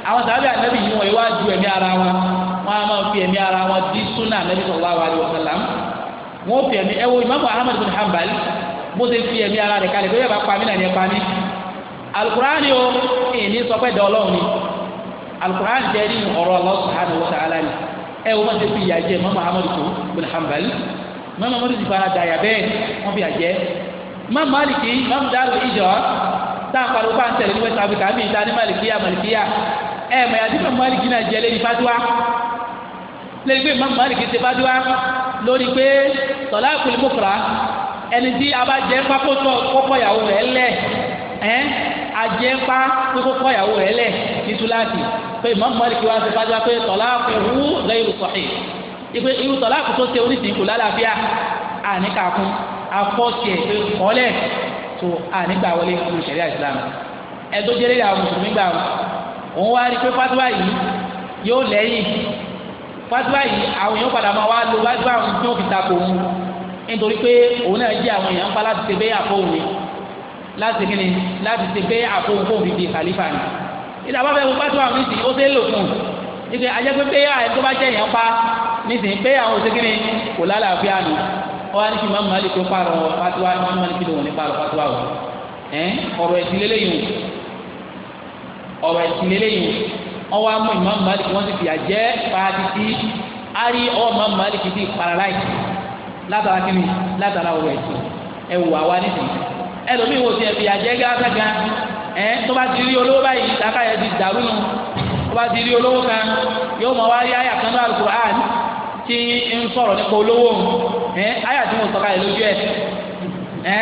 àwọn sàbẹ̀ ànábì yìí wọ́n yóò wá ju ẹ̀mí ara wọn wọ́n á máa fi ẹ̀mí ara wọn di súnà ànábì sallallahu alaihi wasallam wọ́n fi ẹ̀mí ẹ̀wọ̀ ìmáàmù ahmed bin hanbal bó ṣe fi ẹ̀mí ara rẹ̀ kalẹ̀ bẹ́ẹ̀ bá pa mí náà ní ẹ̀ pa mí alukurani o ìní sọpẹ́ dọ̀ ọlọ́run ni alukurani jẹ́ ní ọ̀rọ̀ Allah subhanahu wa ta'ala ni ẹ wọ́n máa ṣe fi ìyà jẹ ìmáàmù ahmed bin hanbal ìmáàmù ahmed bin hanbal dàyà bẹ́ẹ̀ táwọn pariwo bá ń tẹ̀lé ní west africa bí ìta ní malikiya malikiya ẹ mọ̀ yàtí mọ̀ maliki náà jẹ́ lẹ́yìn fatiwa lẹ́yìn pé mọ̀ maliki ṣe fatiwa lórí pé tọ́lá ìpínlẹ̀ mọ́kàrá ẹni tí a bá jẹ́ pápó tó kọ́kọ́ ìyàwó rẹ̀ lẹ̀ ẹ́ ajẹ́pá tó kọ́kọ́ ìyàwó rẹ̀ lẹ̀ ní túláàtì pé mọ̀ maliki wá ṣe fatiwa pé tọ́lá ìpínlẹ̀ wú lẹ́yìn sọ̀hìn ìpè irú tọ́lá ìpínlẹ̀ tó ṣe oníṣìí kò lálàáfíà àníkàkún afọ́ṣẹ̀ pé kọ́lẹ̀ so ànígbà wọlé nínú ṣẹ̀ríà Islam ẹ tó jẹ́rẹ́ àwọn mùsùlùmí gbà wọn òun wá rí pé fatuwa yìí yóò lẹ́yìn fatuwa yìí àwọn èèyàn padà máa wá lo fatuwa àwọn tí wọ́n fi ta kò wọn nítorí pé òun náà jẹ́ àwọn èèyàn ń pa láti ṣe bẹ́ẹ̀ àfọ̀hún ni láti kí ni láti ṣe bẹ́ẹ̀ àfọ̀hún fóun fi di khalifa ni ìdá bá fẹ́ fún fatuwa àwọn nísìnyí ó ṣe é lò fún un ìgbé ajẹ́ pé bẹ́ẹ̀ àyẹ̀ tó bá jẹ́ èèyàn pa nísìnyí bẹ́ẹ̀ àwọn òṣèkínni kò lálàáfíà nù wọ́n á ní kí Imam Malik pààrọ̀ fatiwa Imam Malik lòun ní pààrọ̀ fatiwa o ẹ̀ ọ̀rọ̀ ẹ̀sìn lélẹ́yìn o ọ̀rọ̀ ẹ̀sìn lélẹ́yìn o wọ́n wá mú Imam Malik wọ́n ti fìyà jẹ́ pàtìkì ari ọwọ́ Imam Malik ti paralyze látara kí ni látara ọ̀rọ̀ ẹ̀sìn ẹ̀ wù àwa nísìnyí ẹlòmíì wò ti ẹ̀ fìyà jẹ́ gáàsà gan ẹ̀ tó bá ti rí olówó báyìí làkàyè ti dàrú nù tó bá ti rí olówó kan yóò mọ̀ wá rí àyà kan náà Al-Qur'an tí ń sọ̀rọ̀ nípa olówó ẹ ayé àti mo sọ̀kalẹ̀ lójú ẹ ẹ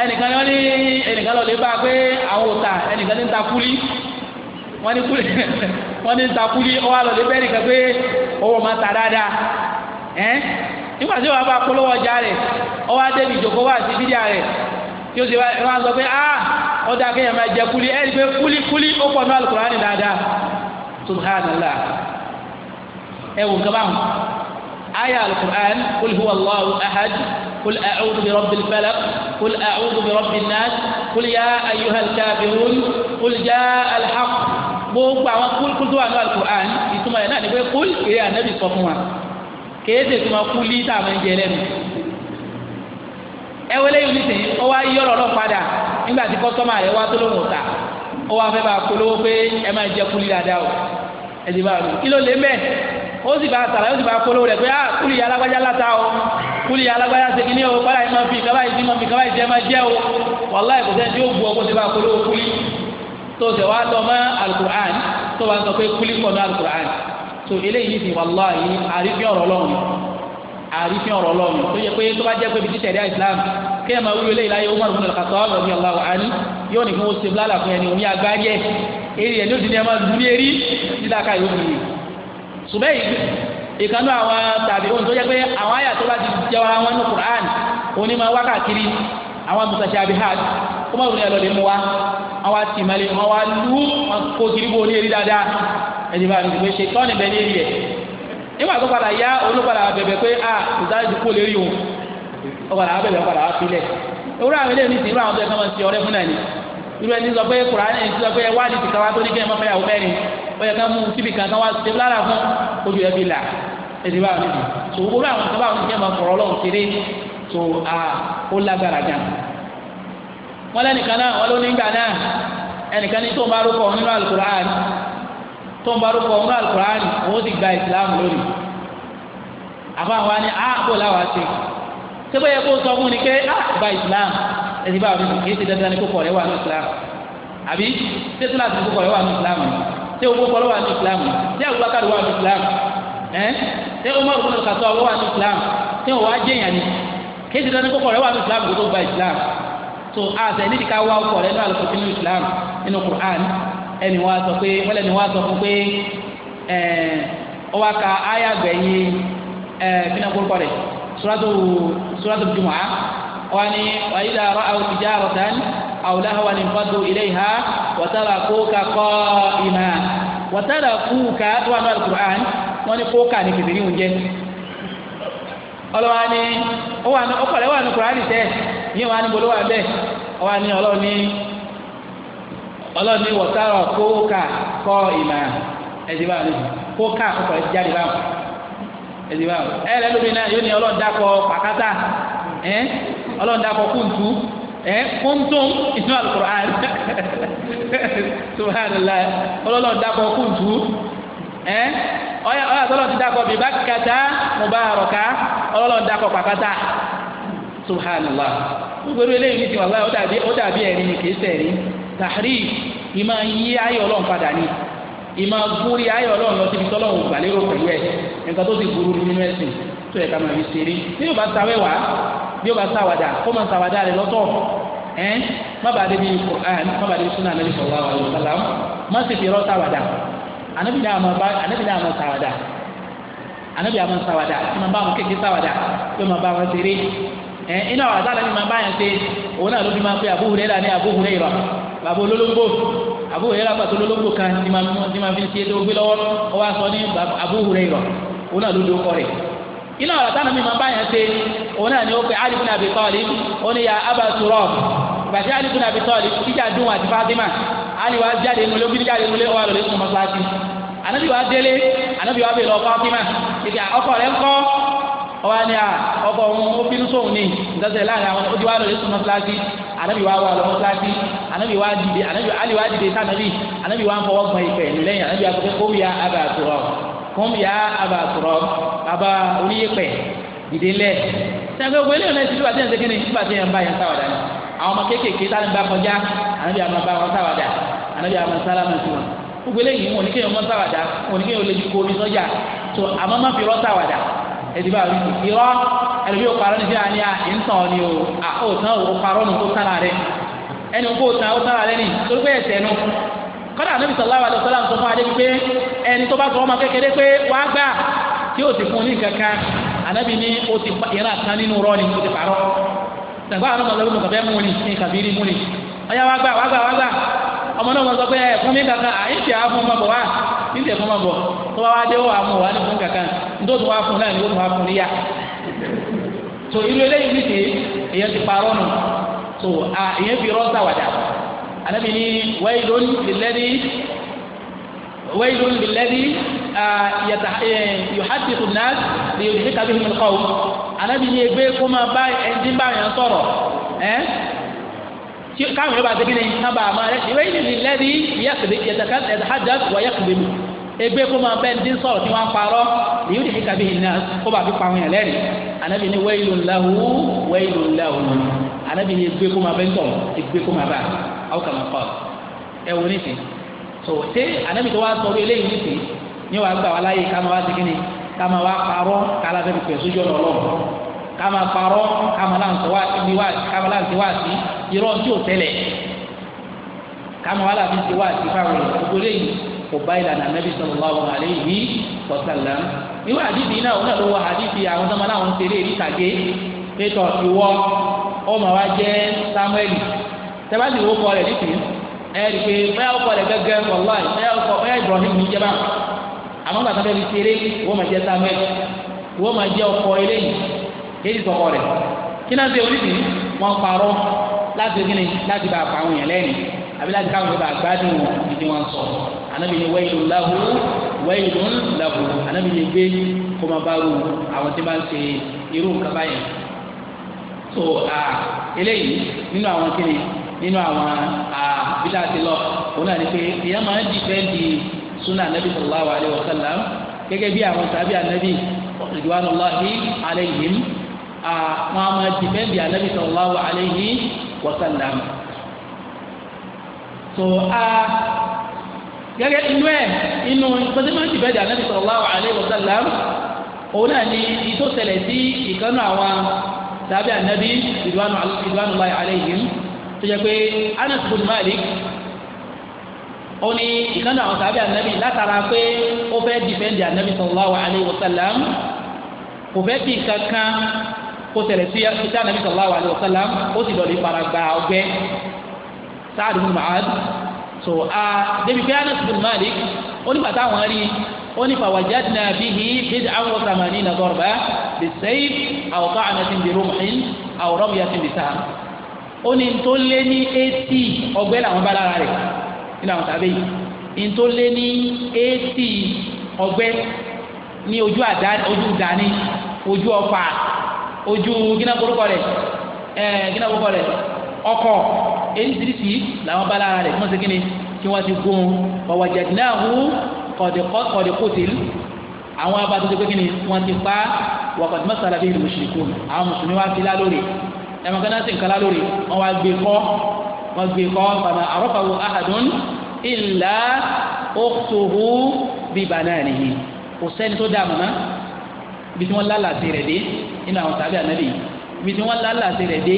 ẹnìkan ni wọ́n ní ẹnìkan lọ lè bá a pé àwọn òòtà ẹnìkan ní ń ta kúlí wọ́n ní kúlí <laughs> wọ́n ní ń ta kúlí ọwọ́ àlọ́ lè bẹ́ẹ̀ nìkan pé owó máa ta dáadáa ẹ nígbà tí wọ́n bá polówó ọjà rẹ̀ ọwọ́ adébí ìjòkó wà sí bídíà rẹ̀ tí ó ṣe wá sọ pé ah ọ̀dà kéèyàn máa jẹ kúlí ẹ̀ ẹ́ ní pé kúlí kúlí ó pọ̀ ní al subhanallah ẹ wò nǹkan báwọn aya alukur'an kul huwa allahu ahad kul a'udhu bi rabbil falaq kul a'udhu bi rabbin nas kul ya ayyuhal kafirun kul jaa alhaq gbogbo àwọn kúlkúl tó wà ní alukur'an ìtumọ̀ yẹn náà ni pé kúl kiri ànábì sọ fún wa kéésì ìtumọ̀ kúlí tá a máa ń jẹ lẹ́nu ẹ wọlé yìí nísìnyí ó wá yí ọ̀rọ̀ náà padà nígbà tí kọ́sọ́mà rẹ̀ wá tó lóhùn ta ó wá fẹ́ bá polówó pé ẹ máa jẹ kúlí dáadáa o ẹ̀dì bá mi kí ló lé mẹ́ ó sì bá sàlàyé ó sì bá polówó rẹ̀ pé ah kúlì alágbájá láta o kúlì alágbájá ṣe kíní o kọ́lá yìí máa fi kaba yìí máa fi kaba yìí jẹ́ máa jẹ́ o wàláhì kò sẹ́ni tí ó bu ọ kó ti bá polówó kúlì tó tẹ̀ wá lọ mọ́ alukur'an tó bá ń sọ pé kúlì kọ̀ ní alukur'an tó eléyìí ti wàláhì àrífín ọ̀rọ̀ lọ́wọ́ àrífín ọ̀rọ̀ lọ́wọ́ tó yẹ pé tó bá jẹ́ pé bíi islam kéèyàn máa wúlò eléyìí láyé umar bin al-khattab radiyallahu anhu yóò ní kí wọ́n ṣe bláàlà fún ẹni òní agbárí ẹ̀ eré ẹni ó ti ní ẹ máa dùn ní erí nílá ká yóò wúlò ṣùgbọ́n ìkànnú àwọn tàbí ohun tó jẹ́ pé àwọn àyà tó bá ti wọn ní Qur'an òní máa wá káàkiri àwọn mutashabihat ó máa mú wa àwọn wọn wá wọn kó kiri bó ní erí dáadáa ẹni bá mi ṣe tọ́ni ní erí ẹ̀ nígbà tó padà yá bẹ̀bẹ̀ pé a ah, ìdájọ́ ti lérí òun bẹ̀bẹ̀ wá sílẹ̀ irú ẹni sọ pé kùránì ẹni sọ pé ẹ wá ní ti káwá tó ní kí ẹ má fẹ́ yàwó mẹ́rin wọ́n yẹ ká mú tíbi kan kan wá ṣe lára fún ojú ẹbí là ẹni bá wọn níbi tó gbogbo àwọn tó bá wọn jẹ́ máa kọ̀rọ̀ ọlọ́run kéré tó a ó lágbára gan. wọ́n lẹ́nìkan náà wọ́n ló ní gbà náà ẹnìkan ní tó ń bá rúkọ nínú alukur'an tó ń bá rúkọ nínú alukur'an òun ti gba ìsìlámù lónìí. àbáwọn wa ni a kò láwàá ṣé bóyá kó sọ fún ni pé a gba ìsìlámù ẹni bá mi kì í ti dandan ní kókó rẹ wà ní islam àbí ṣé tó láti kókó rẹ wà ní islam ṣé owó kọ́ ló wà ní islam ṣé abubakar wà ní islam ẹ ṣé umar bin al-khattab wà ní islam ṣé òwò ajéyàn ni kì í ti dandan ní kókó rẹ wà ní islam kó tó gba islam So àṣẹ nídìí ká wá ọkọ rẹ ní alùpùpù ní islam nínú quran ẹni wá sọ pé wọ́n lẹ́ni wá sọ fún pé ẹ ọ wá ka ayàgbẹ̀yìn ẹ kí ni wọ́n suratu suratu jumu'ah wani wàyídà ra'aw tijaratan aw lahwan infadu ilayha wa tarakuka qa'ima wa tarakuka tó wà ní alukur'an wọ́n ní kóka ní kìbìrì ń jẹ́ ọlọ́wà ni ó wà ní ọkọ̀lẹ́ wà ní kur'an tẹ́ yín wà ní bolo wà bẹ́ẹ̀ ọwà ni ọlọ́ọ̀ni ọlọ́ọ̀ni wa tarakuka qa'ima ẹ̀sìn báwọn kóka ọkọ̀lẹ́ ti jáde báwọn ẹ̀sìn báwọn ẹ̀rẹ́ lómi náà yóò ní ọlọ́ọ̀dà kọ pàkátà ẹ̀ ọlọ́run dàpọ̀ kúntù ẹ kúntùm ìtú alukur'an <laughs> subhanallah ti bíbá kàtà mubaraka ọlọ́run dàpọ̀ pàkàtà subhanallah gbogbo eléyìí ní ti wà láyé ó dàbí ẹ̀rí ni kìí tàhírí ìmọ̀ yí ayé ni ìmọ̀ ayé gbàlérò pẹ̀lú ẹ̀ nǹkan tó ti burú nínú ẹ̀sìn tó yẹ ká máa fi ṣeré bí yóò bá sáwẹ́wà bí yóò bá sáwàdà kó máa sáwàdà rẹ lọ́tọ̀ ẹ́ má bàa débi Qur'an má bàa débi sunnah anabi sallallahu alaihi wasallam má sì fi irọ́ sáwàdà anabi náà máa bá anabi náà máa sáwàdà anabi náà máa sáwàdà tí máa bá wọn kékeré sáwàdà tí máa bá wọn ṣeré ẹ iná àwọn àtàlẹ́ mi máa bá yẹn ṣe òun náà ló fi máa pe Abu Hurairah ní Abu Hurairah bàbá olólógbò Abu Hurairah pàtó olólógbò kan tí máa fi ṣe é tó gbé lọ́wọ́ ọ wá sọ ní Abu Hurairah òun náà ló dókọ rẹ̀ inú ọ̀rọ̀ táwọn mi máa bá yẹn ṣe òun náà ni ó pe Ali ibn Abi Talib ó ní ya Aba Turab ìbàṣẹ Ali ibn Abi Talib jíjà dùn àti Fatima Ali wa jáde nulẹ̀ ó bí jáde nulẹ̀ ó wà lọ́lẹ̀ sùn mọ́sáàtì anabi wa délé anabi wa bẹ lọ Fatima ìgbà ọkọ rẹ ńkọ́ ọba ni ọkọ òun ó bínú sóun ní ìdásẹ̀ láàrin àwọn ojú wa lọ́lẹ̀ sùn mọ́sáàtì anabi wa wà lọ mọ́sáàtì anabi wa dìde anabi wa dìde sànàbì anabi wa fọwọ́ gbọ́n kọ́m ya aba sọ̀rọ̀ aba oníyẹ̀pẹ̀ dìde lẹ̀ sẹ́gbẹ́ gbogbo eléyìí náà ti dúpàtí yẹn sẹ́kẹ́ni dúpàtí yẹn bá yẹn sáwàdà ni àwọn ọmọ kéékèèké táwọn bá kọjá àwọn bá wọn sáwàdà àwọn sálámù sí wọn gbogbo eléyìí wọn sáwàdà wọn omi tó má fi sáwàdà bá ẹlòmíì ni à ń ni o à ó tán nù tó sára rẹ ẹni kó tán ó sára rẹ kọ́dà Ànábì sallallahu alaihi wasallam sọ fún adé pé ẹni tó bá sọ ọmọ kékeré pé wàá gbà o ti fún ní kankan Ànábì ní o ti ìran kan nínú rọ́ọ̀nì o ti pàrọ̀ sàgbà àwọn ka lọ́wọ́ kàfẹ́ mú ní kàbírí mú ni wàá gbà wàá gbà wàá gbà ọmọ náà wọ́n sọ pé ẹ fún mi kankan àyìn a fún ọmọ bọ̀ wá ní tẹ̀ fún ọmọ bọ̀ tó bá wá dé wà anabi ni wailun lilladhi wailun lilladhi e, yuhadithu an-nas liyudhika bihim al-qawm anabi ni egbe kó máa bá ẹni bá yẹn sọ̀rọ̀ ẹ́ káwọn yóò bá débi ní sábà máa rẹ ìwé ìlú lẹ́rìí yẹ́kìlì ẹ̀dáhàdàs wà yẹ́kìlì mu egbe kó máa bẹ́ẹ̀ dín sọ̀rọ̀ tí wọ́n parọ́ ìyóò dìbí kàbí iná kó bá fi pa àwọn yẹn lẹ́rìí anabi ni wailun lahu wailun lahu anabi ni egbe kó máa bẹ́ẹ̀ egbe kó máa bá aw kama kọ́ọ̀lù ẹ wò ní sìn so ṣé anabi tó wá sọ wí eléyìí ní sìn ní wàá gbà wá láyé kama wá segin ni kama wá parọ́ kala fẹ́ fi pè sójú ọ̀nà ọlọ́run kama parọ́ kama láǹtí wá sí kama láǹtí wá sí irọ́ tí o tẹ́lẹ̀ kama wá láti ti wá sí fáwọn èèyàn gbogbo eléyìí kò bá ìlànà anabi sallallahu alayhi wa sallam irú àdìsí náà òun náà ló wọ àdìsí àwọn sọmọ náà ń ṣeré ìtàgé pétọ ìwọ ọmọ wa jẹ Samuel tẹ́bátì ló kọ́ rẹ̀ nítorí ẹ rí i pé bẹ́ẹ̀ ọkọ rẹ̀ gẹ́gẹ́ wọ̀lá bẹ́ẹ̀ ọkọ bẹ́ẹ̀ Ibrahim ní jẹba àmọ́ gbàtà bẹ́ẹ̀ fi ṣeré wọ́n máa jẹ Samuel wọ́n máa jẹ ọkọ eléyìí kéjì sọkọ rẹ̀ kí náà ṣe oníbi wọn parọ́ láti gíní láti bá àpá àwọn èèyàn lẹ́nu àbí láti káwọn èèyàn bá gbádùn ìdí wọn sọ anábì ní wẹ́yìn lahu wẹ́yìn lahu anábì ní gbé kó máa nínú àwọn àbílẹ̀ àti lọ òun náà ni pé ìyá máa ń dìpẹ́ǹdì súnà anabi sallallahu alayhi wa sallam gẹ́gẹ́ bí àwọn sàbí anabi ridwanullahi alayhim wọn a máa dìpẹ́ǹdì anabi sallallahu alayhi wa sallam. so gẹ́gẹ́ inú ẹ̀ inú pẹ̀lú máa ń dìpẹ́ǹdì anabi sallallahu alayhi wa sallam òun náà ni ìtòsẹ̀lẹ̀ sí ìkànnù àwọn sàbí anabi ridwanullahi alayhim tó jẹ́ pé Anas bin Malik ó ní ìkànnì àwọn sábẹ́ ànábì látara pé ó fẹ́ dìfẹ́ǹdì ànábì sallallahu alayhi wa sallam kò fẹ́ kí nǹkan kan kó tẹ̀lẹ̀ sí ìṣe ànábì sallallahu alayhi wa sallam ó sì lọ́ọ́ lè fara ọgbẹ́ Sa'ad bin Mu'adh so a débi pé Anas bin Malik ó nígbà táwọn rí ó ní fawajadna bihi bid'an wa thamanina darba bis-sayf aw ta'anatin bi rumhin aw ramyatin bi sahm ó ní tó lé ní eighty ọgbẹ́ làwọn bá lára rẹ̀ nínú àwọn tàbí yìí ní tó lé ní eighty ọgbẹ́ ní ojú àdá ojú dání ojú ọfà ojú gíná korúkọ rẹ̀ ẹ̀ gíná korúkọ rẹ̀ ọkọ̀ eríṣiríṣi làwọn bá lára rẹ̀ tí wọ́n ṣe kí ni kí wọ́n ti gún un ọ̀wọ̀ jẹ̀dínláàhù kọ̀dẹ̀kọ̀tẹ̀lù àwọn abatọ́jọ́ kí ni wọ́n ti pa wọ̀kọ̀dìmọ́sálàbí ìlú mùsùlùmí àwọn mùsùlùmí wá fi lá ẹ̀mọ̀ kan náà sì ń kala lórí wọn wá gbé kọ́ wọn gbé kọ́ bàbá àrọ́fàwò ahadùn ìlà òkùtùhù bíbà náà nìyí kò sẹ́ni tó dààmú ná ibi tí wọ́n lálàsì rẹ̀ dé nínú àwọn tàbí ànábì ibi tí wọ́n lálàsì rẹ̀ dé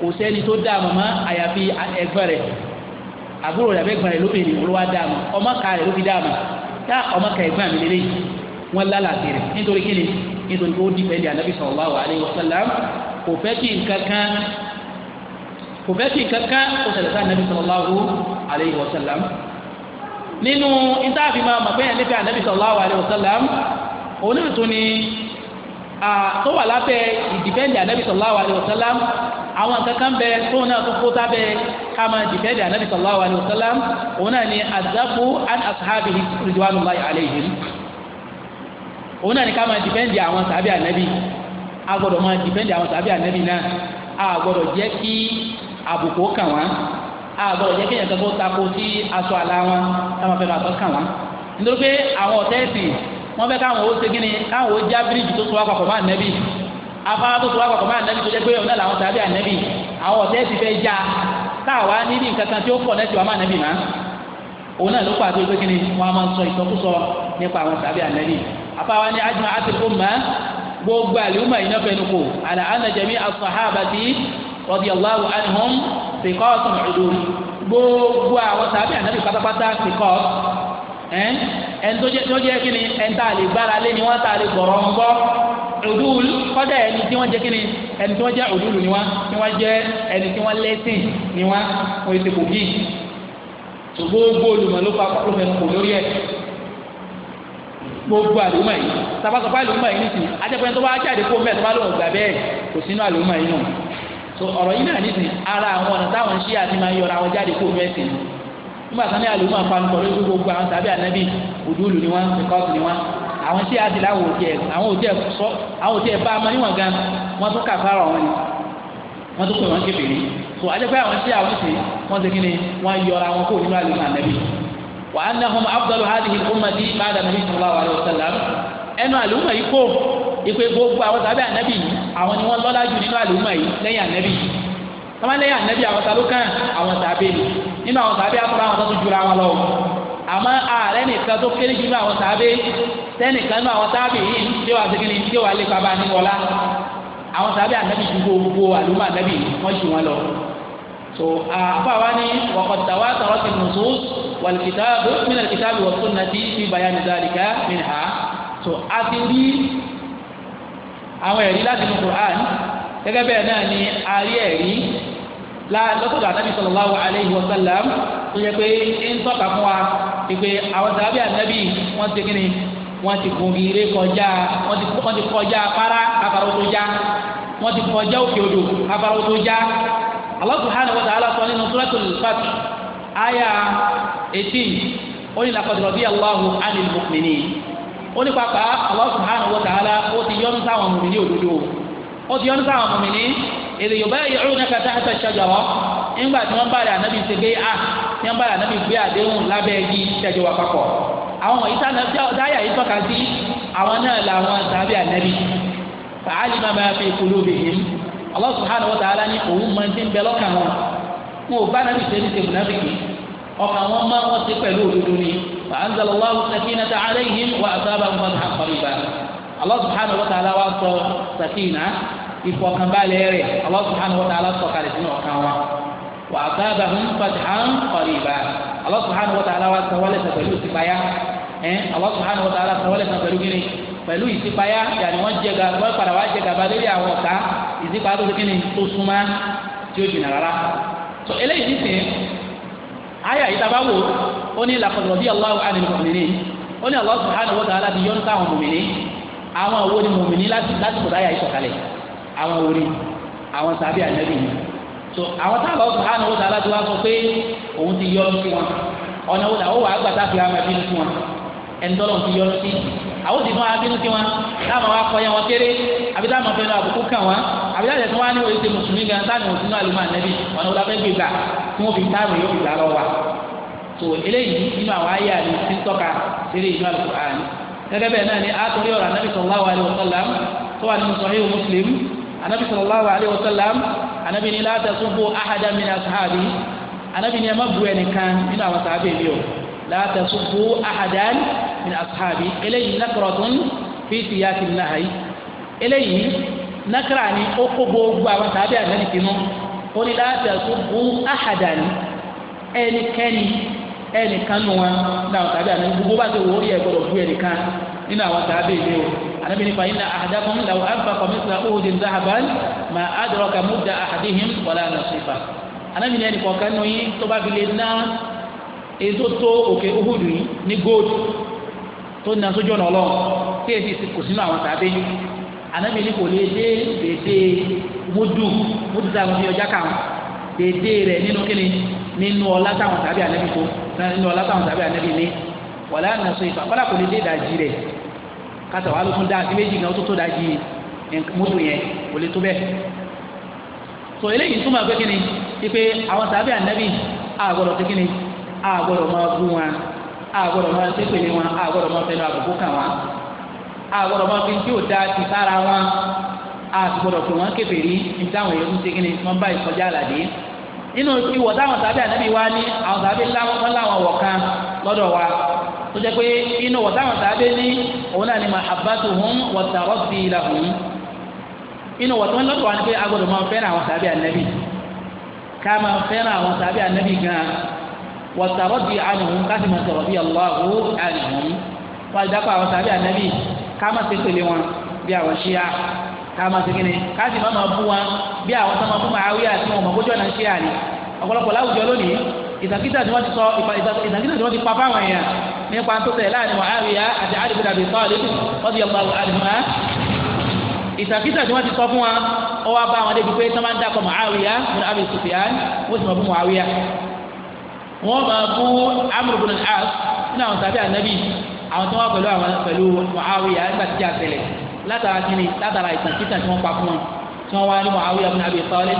kò sẹ́ni tó dààmú mọ́ àyàfi ẹ̀gbọ́n rẹ̀ àbúrò rẹ̀ abẹ́gbọ́n rẹ̀ lóbìnrin olówó dààmú ọmọ ká rẹ̀ ló fi dààmú tá ọmọ ká ẹ̀gbọ́n mi lélẹ́yìn wọ́n lálàsì rẹ̀ nítorí kíni nítorí kó dìpẹ́ndì ànábì sallallahu alaihi wasallam kò fẹ́ kí nǹkan kan kò fẹ́ kí nǹkan kan kó ṣẹlẹ̀ sí anabi sallallahu alayhi wa sallam nínú ìtààfin máa mọ̀ pé yẹn nífẹ̀ẹ́ anabi sallallahu alayhi wa sallam òun náà tún ni tó wà lábẹ́ ìdìbẹ́ndì anabi sallallahu alayhi wa sallam àwọn kankan bẹ tóun náà tó kó sábẹ́ ká máa dìbẹ́ndì anabi sallallahu alayhi wa sallam òun náà ni azafu an ashabihi ridwanullahi alayhim òun náà ni ká máa àwọn sàbẹ́ anabi a gbọ́dọ̀ máa dìbẹ́ndì àwọn sàbí ànẹ́bí náà a gbọ́dọ̀ jẹ́ kí àbùkù kàn wọ́n a gbọ́dọ̀ jẹ́ kí èèyàn kankan tako sí aṣọ àlá wọn táwọn fẹ́ máa tọ́ kàn wọ́n nítorí pé àwọn ọ̀tẹ́ ẹ̀sìn wọ́n fẹ́ káwọn ó ṣe kí ni káwọn ó já bíríìjì tó sọ àpapọ̀ máa nẹ́bí afárá tó sọ àpapọ̀ máa nẹ́bí tó jẹ́ pé ọ̀nà làwọn sàbí ànẹ́bí àwọn ọ̀tẹ́ ẹ̀sìn fẹ́ já táwa níbi nǹkan kan tí ó pọ̀ nẹ́tì gbogbo àlùmọ̀ yìí náà fẹnu kò àlà ànàjẹmí asọ̀hábàtì radiyallahu anhum fìkọ́ọ̀tù ọ̀dùn gbogbo àwọn sàbí ànábì pátápátá fìkọ́ọ̀t ẹn tó jẹ́ kí ni ẹn tá a lè gbára lé ni wọ́n tá a lè gbọ̀rọ̀ ń gbọ́ ọdún kọ́dà ẹni tí wọ́n jẹ́ kí ni ẹni tí wọ́n jẹ́ ọdún ni wọ́n ni wọ́n jẹ́ ẹni tí wọ́n lẹ́sìn ni wọ́n wọ́n ti kò bí gbogbo olùmọ̀ ló fẹnu kò gbogbo àlùmọ̀ yìí sábàtọ̀ fún àlùmọ̀ yìí nìsín ajẹ́pẹ́ tó bá jáde kó mẹ́ẹ̀ tó bá lóun gbà bẹ́ẹ̀ kò sínú àlùmọ̀ yìí nù so ọ̀rọ̀ yìí náà nìsín ara àwọn ọ̀nà táwọn ṣí àti máa ń yọra wọn jáde kó mẹ́ẹ̀ sí nígbà tán ní àlùmọ̀ àpanukọ̀ lójú gbogbo àwọn tàbí ànábì òdúlù ni wọ́n kọ́ọ̀tù ni wọ́n àwọn ṣí àti láwọn òjẹ àwọn òjẹ sọ àwọn òjẹ bá ọmọ níwọ̀n gan wọ́n tún kàfàrà wọn ni wọ́n tún pè wọ́n kébèrè so ajẹ́pẹ́ àwọn ṣí àwọn ìsìn wọ́n ti kí ni wọ́n yọra wọn kó nínú àlùmọ̀ ànábì wa annahum afdalu hadhihi al-ummati ba'da nabi sallallahu alayhi wa sallam ẹnu àlùmọ̀ yìí kò ìpè gbogbo àwọn sábẹ́ ànábì yìí àwọn ni wọ́n lọ́lá jù nínú àlùmọ̀ yìí lẹ́yìn ànábì yìí wọ́n máa lẹ́yìn ànábì àwọn sábẹ́ kan àwọn sábẹ́ ni nínú àwọn sábẹ́ akọ̀rọ̀ àwọn tó jura wọn lọ àmọ́ ààrẹ nìkan tó kéré jù nínú àwọn sábẹ́ sẹ́nìkan nínú àwọn sábẹ́ yìí tí wàá segin ní tí wàá lé pàbá ní wọlá àwọn sábẹ́ ànábì ju gbogbo àlùmọ̀ ànábì wọ́n jù wọn lọ so ah, àbáwá ni wàkọ̀tàwá tàwátì nusus wàlùkìtàbù min alkitabi wa sunnati fi bayani dhalika minha so a ti rí àwọn ẹ̀rí nu Qur'an gẹ́gẹ́ bẹ́ẹ̀ náà ni a rí ẹ̀rí lọ́sọ̀dọ̀ ànábì sallallahu alayhi wa sallam tó yẹ pé ń tọ́ka fún wa pé àwọn sàbí ànábì wọ́n ti kíni wọ́n ti gun ire kọjá wọ́n ti kọjá afárá afárá tó já ti kọjá òkè odò afárá tó Allah subhanahu wa ta'ala sọ nínú suratul Fath aya eighteen ó ní laqad radiyallahu 'anil mu'minin ó ní pápá Allah subhanahu wa ta'ala ó ti yọ́nú sáwọn mùmìnì òdodo ó ti yọ́nú sáwọn mùmìnì èdè yorùbá yìí ọ̀rùn náà kàtà àtà ṣàjọwọ́ nígbà tí wọ́n bá rẹ̀ ànábì ṣe a ah, tí wọ́n bá rẹ̀ ànábì gbé àdéhùn lábẹ́ igi ṣàjọwọ́ papọ̀ àwọn wọ̀nyí táyà yìí tọ́ka àwọn náà làwọn tàbí ànábì fàálì máa máa fi kulubihim Allah subhanahu wa ta'ala ní òun máa ń ti ń bẹ lọ́kàn wọn wọn ò bá nàbì ṣe ní ṣègùn nàbì kì ọkàn wọn máa wọ́n ti pẹ̀lú òdodo ni wa anzala Allahu sakinata alayhim wa asabahum fathan qariba Allah subhanahu wa ta'ala wa sọ sakina ìfọkànbalẹ̀ rẹ̀ Allah subhanahu wa ta'ala sọ kalẹ̀ sínú ọkàn wọn wa asabahum fathan qariba Allah subhanahu wa sọ wọlé sọ pẹ̀lú ìsìpáyà ẹn Allah subhanahu wa ta'ala sọ wọlé sọ pẹ̀lú gíní pẹ̀lú ìsìpáyà yàrá wọn jẹ gàba wọn ìsìnká tó kíni tó súnmọ́ tí ó jìnnà rárá tó eléyìí nísìnyí àyà yìí tábà wò ó ní laqad radiyallahu 'anil mu'minin ó ní Allah subhanahu wa ta'ala ti yọ́nú sáwọn mùmìnì àwọn òwò ni mùmìnì láti kò dáyà ìsọ̀kalẹ̀ àwọn òwò ni àwọn sàbí ànábì ni so àwọn táwọn Allah subhanahu wa ta'ala ti wá sọ pé òun ti yọ́nú sí wọn ọ̀nà wo làwọn wà á gbà tá a fi hàn máa bínú sí wọn ẹni tọ́lọ́ ti yọ́nú sí àwọn sì fún wa bínú sí wọn táwọn wa kọ́ ya wọn kéré àbí táwọn fẹ́ lọ àbùkù kàn wọn àbí táwọn ẹ̀sìn wa ní oye ṣe mùsùlùmí gan táwọn òsínú àlùmọ́ ànẹ́bí ọ̀nà òlà fẹ́ gbé gbà tí wọ́n fi táwọn yóò fi gbà lọ wa tó eléyìí nínú àwọn ayé àlè ti ń tọ́ka sílé ìlú àlùkò àná gẹ́gẹ́ bẹ́ẹ̀ náà ni àtúndì ọ̀rọ̀ ànábì sallallahu alaihi wasallam tó la tasubbu ahadan min ashabi eléyìí nakaratun fi siyasi nahayi eléyìí nakara ni ó kó gbogbo àwọn sábẹ́ ànáni sínú ó ní la tasubbu ahadan ẹnikẹ́ni ẹnìkan nù wọn ní àwọn sábẹ́ ànáni gbogbo bá ti wò ó yẹ gbọdọ̀ bú ẹnìkan nínú àwọn sábẹ́ ìlú o anabi nípa yín náà ahadakum law anfaqa mithla uhudin dhahaban ma adraka mudda ahadihim wala nasifa anabi ní ẹnì kọ̀ọ̀kan nù yín tó bá fi lè ná èyí tó tó òkè Uhud ní gold tó ní asójú ọ̀nà ọlọ́run tí èyí kò sínú àwọn tàbí ànábì ní kò lè dé dédé múdù múdù tí a fi ọjà kà wọn rẹ nínú kíni nínú ọlá táwọn tàbí ànábì tó nínú ọlá táwọn tàbí ànábì ní wàlá nàṣọ ìfà kọ́lá kò lè dé ìdajì rẹ kátà wà lókun dáa sí méjì tó tó múdù yẹn kò lè tó bẹ́ẹ̀ eléyìí túmọ̀ pé kíni ipe àwọn tàbí àgọ́dọ̀ kíni a gbọ́dọ̀ máa bú wọn a gbọ́dọ̀ máa ṣépèlé wọn a gbọ́dọ̀ máa fẹnu àbùkù kàn wọn a gbọ́dọ̀ máa fi tí ò da ti sára wọn a gbọ́dọ̀ pè wọn kébèrè ní táwọn èèyàn ń segin ní wọn bá ìkọjá àlàdé nínú ìwọ táwọn sábẹ́ ànábì wa ní àwọn sábẹ́ wọn láwọn wọ̀ kan lọ́dọ̀ wa tó jẹ́ pé inú wọ̀ táwọn sábẹ́ ní òun náà ni mahabbatuhum wa tarabbi lahum inú wọ̀ tó ń lọ́dọ̀ wa ni pé a gbọ́dọ̀ máa fẹ́ràn àwọn sábẹ́ ànábì ká máa fẹ́ràn àwọn sábẹ́ ànábì gan-an wọ̀tàrọ́bì ànihùn káṣí máa sọ̀rọ̀ bí ọlọ́hu ànihùn wọ́n ti dákọ̀ àwọn sàbí ànábì ká má ṣe pèlè wọn bí àwọn ṣíà ká má ṣe kíni káṣí má máa bú wọn bí àwọn sọ́mọ fún màá wíyà tí wọn mọ̀ bójú ọ̀nà ṣíà ni ọ̀pọ̀lọpọ̀ láwùjọ lónìí ìtàkìtà tí wọ́n ti sọ ìtàkìtà tí wọ́n ti pa fáwọn èèyàn nípa tó tẹ̀ láàrin Muawiya àti Ali bin Abi Talib wọ́n máa bú amúrú bùnú as nínú àwọn sàbí ànábì àwọn tó wà pẹ̀lú àwọn pẹ̀lú muawiya nígbà tí a ṣẹlẹ̀ látara kí ni látara ìtàn títàn tí wọ́n pa fún wọn tí wọ́n wá ní muawiya bùnú abi talib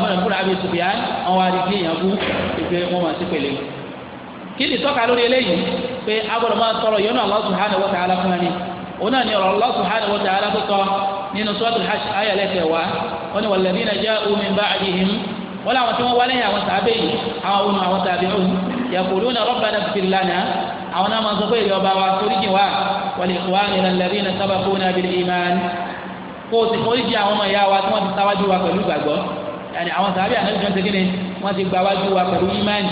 mọ̀nà bùnú abi sufyan wọ́n wá ní kí èèyàn bú ìgbé wọn máa ti pẹ̀lẹ́ kí ni tọ́ka lórí eléyìí pé agbọ́dọ̀ máa tọrọ yọnu Allah subhanahu wa ta'ala fún wa ni ni ọ̀rọ̀ Allah subhanahu wa ta'ala tó tọ́ nínú sọ́ọ̀tù wọ́n làwọn tí wọ́n wá lẹ́yìn àwọn sàbẹ̀ yìí àwọn ohun àwọn sàbẹ̀ ohun yaquluna rabbana ighfir lana àwọn náà máa sọ pé ìyọba wa foríjì wa wa li ikhwanina alladhina sabaquna bil iman kó o sì foríjì àwọn ọmọ ìyá wa tí wọ́n ti sáwájú wa pẹ̀lú ìgbàgbọ́ yàni àwọn sàbẹ̀ àná ìjọ ṣẹ́gi ni wọ́n ti gba wájú wa pẹ̀lú ìmánì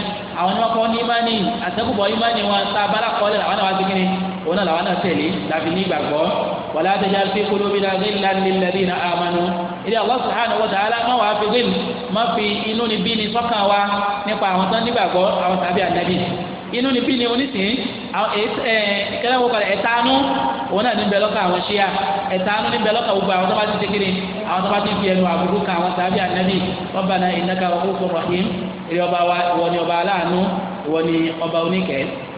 àwọn òun náà làwọn náà tẹ̀lé láfi ní ìgbàgbọ́ wàlá àtẹjá fi kúlóbi náà ní ìlànà nílẹ̀dí náà àmánú ilé Allah subhanahu wa ta'ala má wàá fi wíìlì má fi inú ni bí ni sọ́kàn wa nípa àwọn tán nígbàgbọ́ àwọn tàbí ànábì inú ni bí ni onísìn kẹlẹ́ wo kọ́lẹ̀ ẹ̀tánú òun náà ní bẹ lọ́kàn àwọn ṣíà ẹ̀tánú ní bẹ lọ́kàn gbogbo àwọn tó ti ṣe kiri àwọn tó ti fi ẹnu àbúrú kan àwọn tàbí ànábì Rabbana innaka ra'ufur rahim ìrẹ́ ọba wa ìwọ ni ọba aláàánú ìwọ ni ọba oníkẹ́ẹ́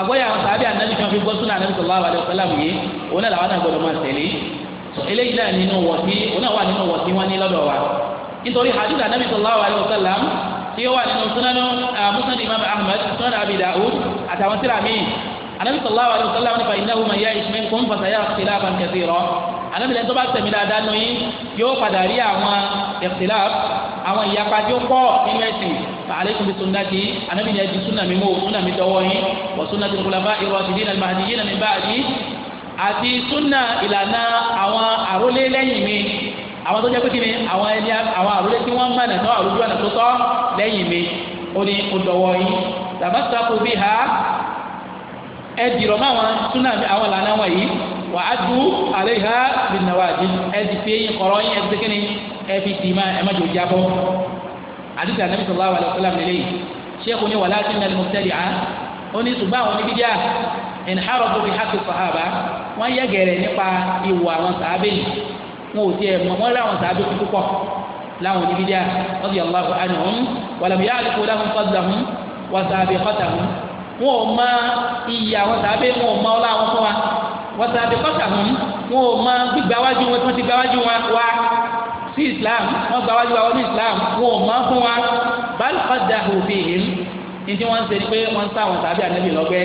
àgbọ́yé àwọn sàbí ànábì tí wọ́n fi gbọ́ súnà ànábì sallallahu alaihi wasallam yìí òun náà làwọn náà gbọ́dọ̀ máa tẹ̀lé eléyìí náà nínú wọ̀sí òun náà wà nínú wọ̀sí wọn ní lọ́dọ̀ wa nítorí hadith ànábì sallallahu alaihi wasallam tí ó wà nínú súnánú ah, musnad imam ahmad sunan abi da'ud àtàwọn tíra míì ànábì sallallahu alaihi wasallam nípa innahu man ya'ish minkum fasayara ikhtilafan kathira anábìlẹ̀ tó bá tẹ̀mí dáadáa nù yín yóò padà rí àwọn ikhtilaf àwọn ìyapa tí ó pọ̀ nínú ẹ̀sìn fàálẹ́kùn bí sunnati anábìlẹ̀ di sunna mi mú sunna mi dọwọ́ yín wọ sunna ti nkùlá bá irọ́ ti dín alimahadi yín nàmi bá àdí àti sunna ìlànà àwọn àrólé lẹ́yìn mi àwọn tó jẹ́ pé kí ni àwọn ẹni àwọn àrólé tí wọ́n mọ̀nà tó àrólé ọ̀nà tó tọ́ lẹ́yìn mi ó ní ó dọwọ́ yín tàbátàkù bí ha ẹ dìrọ̀ mọ́ àwọn sunna àwọn ìlànà wọ̀nyí wà á du àlẹ́ ìhá bí nàwa àdí ẹ ti fi eyín kọ̀rọ̀ yín ẹ ti kékeré ẹ fi tì í máa ẹ má jò jábọ́ àdìsí ànábì sallallahu alaihi wasallam lélẹ́yìn sẹ́kù ni wàlá sínú ẹlẹ́mọ̀tẹ́lì á ó ní ṣùgbọ́n àwọn oníbíjà ìnhárọ̀bù bí hákì sàhábà wọ́n yẹ gẹ̀rẹ̀ nípa ìwà àwọn sàábẹ̀ yìí wọn ò tiẹ̀ mọ̀ wọ́n láwọn sàábẹ̀ kú púpọ̀ láwọn oníbíjà radiyallahu anhum wàlámù yá àlùkò láwọn fadlahum wà sàábẹ̀ kọ́tàhum wọn ò mọ iyì àwọn sàábẹ̀ wọn ò mọ ọlá àwọn fún wọ́n sọ àbíkọ́sà hàn wọn ò mọ gbígbáwájú wọn tí wọ́n ti gbáwájú wọn wá sí islam wọ́n gbáwájú wa ní islam wọn ò mọ fún wa báyìí kọ́ da òbí yìí ní tí wọ́n ń ṣe ni pé wọ́n ń sá àwọn tàbí ànábì lọ́gbẹ́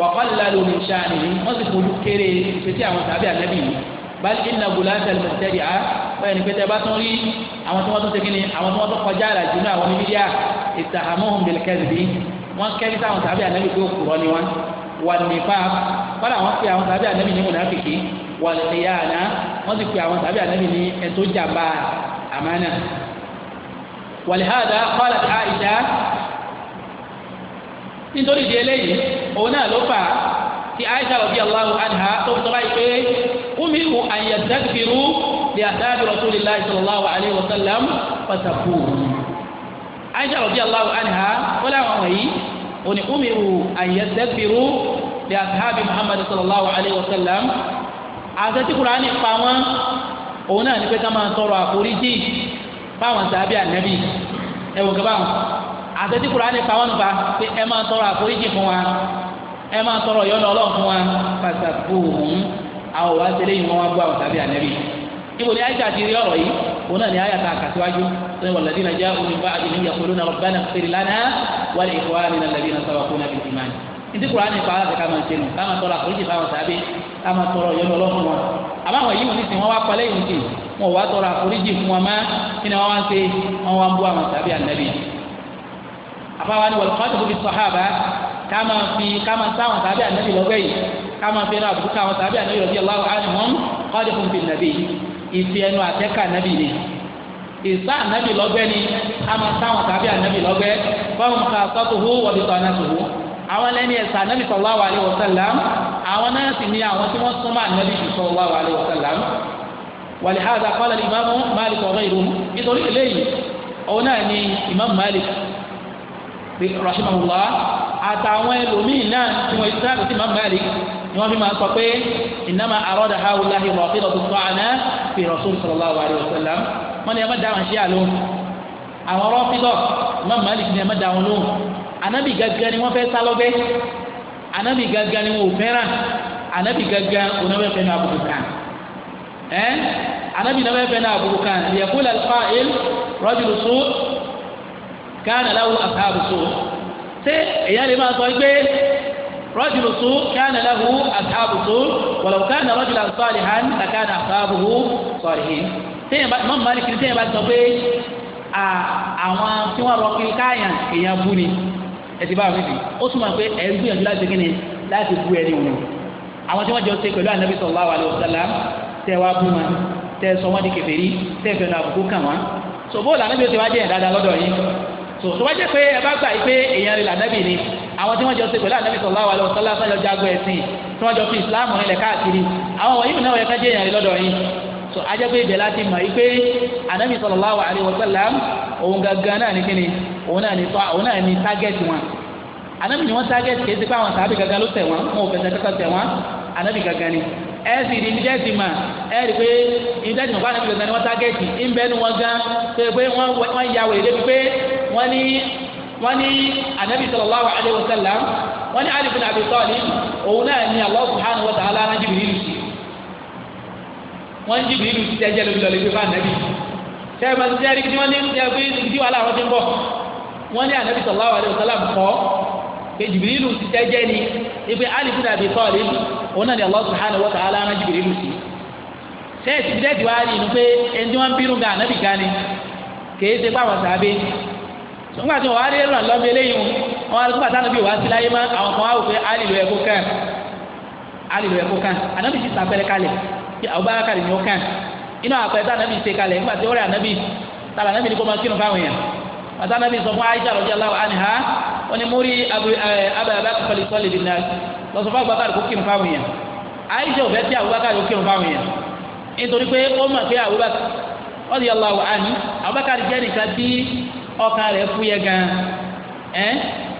wàkọ́lá lórí sani wọ́n sì fojú kéré ìfẹ́tí àwọn tàbí ànábì yìí báyìí iná gbòòlá tẹlifẹ tẹlifẹ à báyìí ní pété bá tún rí àwọn tí wọ́n tún ṣe kí àwọn tí wọ́n tún kọjá àlàjì náà àwọn oníbíyà ìtàhámọ́hùn bẹ̀lẹ̀kẹ́ wàlùmífà kọ́lá wọn pe àwọn sábẹ́ ànábì ní mùnàfìkì wàlùmíyàna wọ́n sì pe àwọn sábẹ́ ànábì ní ẹ̀tọ́ jàmbá àmánà. wàlùhàdà kọ́lá àìsà nítorí di eléyìí òun náà ló fà tí àìsà rọ̀bí aláwọ̀ àdìhà tó fi tọ́ báyìí pé umiru àyẹ̀dẹ́gbìrú lè àtàbí rasulillah sallallahu alayhi wa sallam pàtàkù. àìsà rọ̀bí aláwọ̀ àdìhà ó láwọn wọ̀nyí òní umiru àyẹ̀dẹ́gbìrú lè asahabi muhammad sallallahu alayhi wa sallam àṣẹ tí kuraani pa wọn òun náà ní pé ká máa tọrọ àforíjì fáwọn sàbí ànábì ẹwọn kaba wọn àṣẹ tí kuraani pa wọn nípa pé ẹ máa tọrọ àforíjì fún wa ẹ máa tọrọ yọnu Ọlọ́run fún wa pàṣẹpù òun àwọn wa ṣẹlẹ̀ yìí wọn wá gbọ́ àwọn sàbí ànábì ibo ni ayika ti rí ọ̀rọ̀ yìí òun náà ni ayika àkàtiwájú sọ walladhina ja'u min ba'dihim yaquluna rabbana ighfir lana wa li ikhwanina alladhina sabaquna bil iman ìdí kura ní ìpa aláṣẹ káma ṣe nù káma tọrọ àforíjì fáwọn sábẹ káma tọrọ ìyọnu ọlọ́run wọn àbáwọn yìí wọn ní sìn wọn wá pọlẹ yìí sí wọn wá tọrọ àforíjì fún wọn má kí wọn wá ń ṣe wọn wá ń bú àwọn sábẹ ànábì àbáwọn ni wọlé kọ́tù fúnbi sọ̀hábà káma fi káma sáwọn sábẹ ànábì lọ́gbẹ́ yìí káma fi ẹnu àbùkù káwọn sábẹ ànábì lọ́gbẹ́ aláwọ̀ àni kọ́tù fúnbi nàbì ànábì àwọn lẹ́ni ẹ̀sà anábì sallallahu alaihi wasallam àwọn náà sì ní àwọn tí wọ́n súnmọ́ anábì sallallahu alaihi wasallam walihada qala al-imam Malik wa ghayruhu nítorí eléyìí òun náà ni imam Malik rahimahullah àtàwọn ẹlòmíì náà tí wọ́n ti sáàtì imam Malik ni wọ́n fi máa sọ pé innama arada haulahi rafidatu ta'ana fi rasul sallallahu anabi gangan ni wọ́n fẹ́ sálọ́bẹ́ anabi gangan ni wọ́n ò fẹ́ràn anabi gangan onáwẹ́ fẹ́ náà àbùkù kan ẹ́ anabi náà fẹ́ náà àbùkù kan liyakula alqa'il rajulu su' kana lahu ashabu su' ṣé èyàn lè máa sọ pé rajulu su' kana lahu ashabu su' walau kana rajulan salihan lakana ashabuhu salihin téèyàn bá mọ́ mọ́lì kiri téèyàn bá sọ pé àwọn tí wọ́n rọ kiri káyàn èèyàn bú ni ẹtì bá mi bì ó túmọ̀ pé ẹ̀ ń gbìyànjú láti kíni láti bu ẹni wọn àwọn tí wọ́n jọ ṣe pẹ̀lú anabi sallallahu alaihi wasallam tẹ wá bú wọn tẹ sọ wọn di kèfèrí tẹ fẹnu àbùkù kàn wọn so bó lànà bí o ti wá jẹ yẹn dáadáa lọ́dọ̀ yín so tó bá jẹ pé ẹ bá gbà yìí pé èèyàn rẹ lànàbì ni àwọn tí wọ́n jọ ṣe pẹ̀lú anabi sallallahu alaihi wasallam sọjọ jago ẹsìn tí wọ́n jọ fi ìsìláàmù rẹ káàkiri àwọn wọ̀nyí náà yẹ ká jẹ rẹ lọ́dọ̀ yín so ajẹ́ pé ibẹ̀ láti mọ̀ yìí pé anabi sallallahu alaihi wasallam òun gangan náà ní kíni òun náà ní tọ́ òun náà ní tágẹ́tì wọn anabi ni wọn tágẹ́tì kéde pé àwọn sábẹ́ gangan ló tẹ̀ wọn wọn ò fẹsẹ̀ kankan tẹ̀ wọn anabi ni ẹ sì ní ìdíjẹ́ ti mà ẹ rí pé mà fún anabi ni wọn tágẹ́tì ń wọn gan pé pé ya wèrè débi pé wọ́n ní wọ́n ní anabi sallallahu alayhi wa sallam ní òun náà ní subhanahu wa ta'ala lóbi lọ́lẹ́ fún anabi wọ́n ní anabi sallallahu alayhi wa sallam kọ́ pé jìbìrìlù ti tẹ́ jẹ́ ni ipe ali bin abi òun náà allah subhanahu wa ta'ala rán jìbìrìlù sí sẹ́ẹ̀sì bí dẹ́ẹ̀dì wá rí inú pé ẹni ga anabi ga ni kèé ṣe pàwọn sàbẹ nígbà tí wọn wá rí ẹrù náà lọ́mọ eléyìí wọn wọn wá sí láyé àwọn kan wò pé anabi ti sàpẹrẹ kí inú àpẹẹrẹ bàtà nàbí sọ fún Aisha radiyallahu anha ó ní múrí abàbàkà kọlìkọlì bí náà lọ́sọ̀ Abubakar kò kí n fáwọn yẹn Aisha ò fẹ́ tí Abubakar kò kí n fáwọn yẹn nítorí pé ó mọ̀ pé Abubakar radiyallahu anhu Abubakar jẹ́ nìkan tí ọkàn rẹ̀ fúyẹ́ gan ẹ́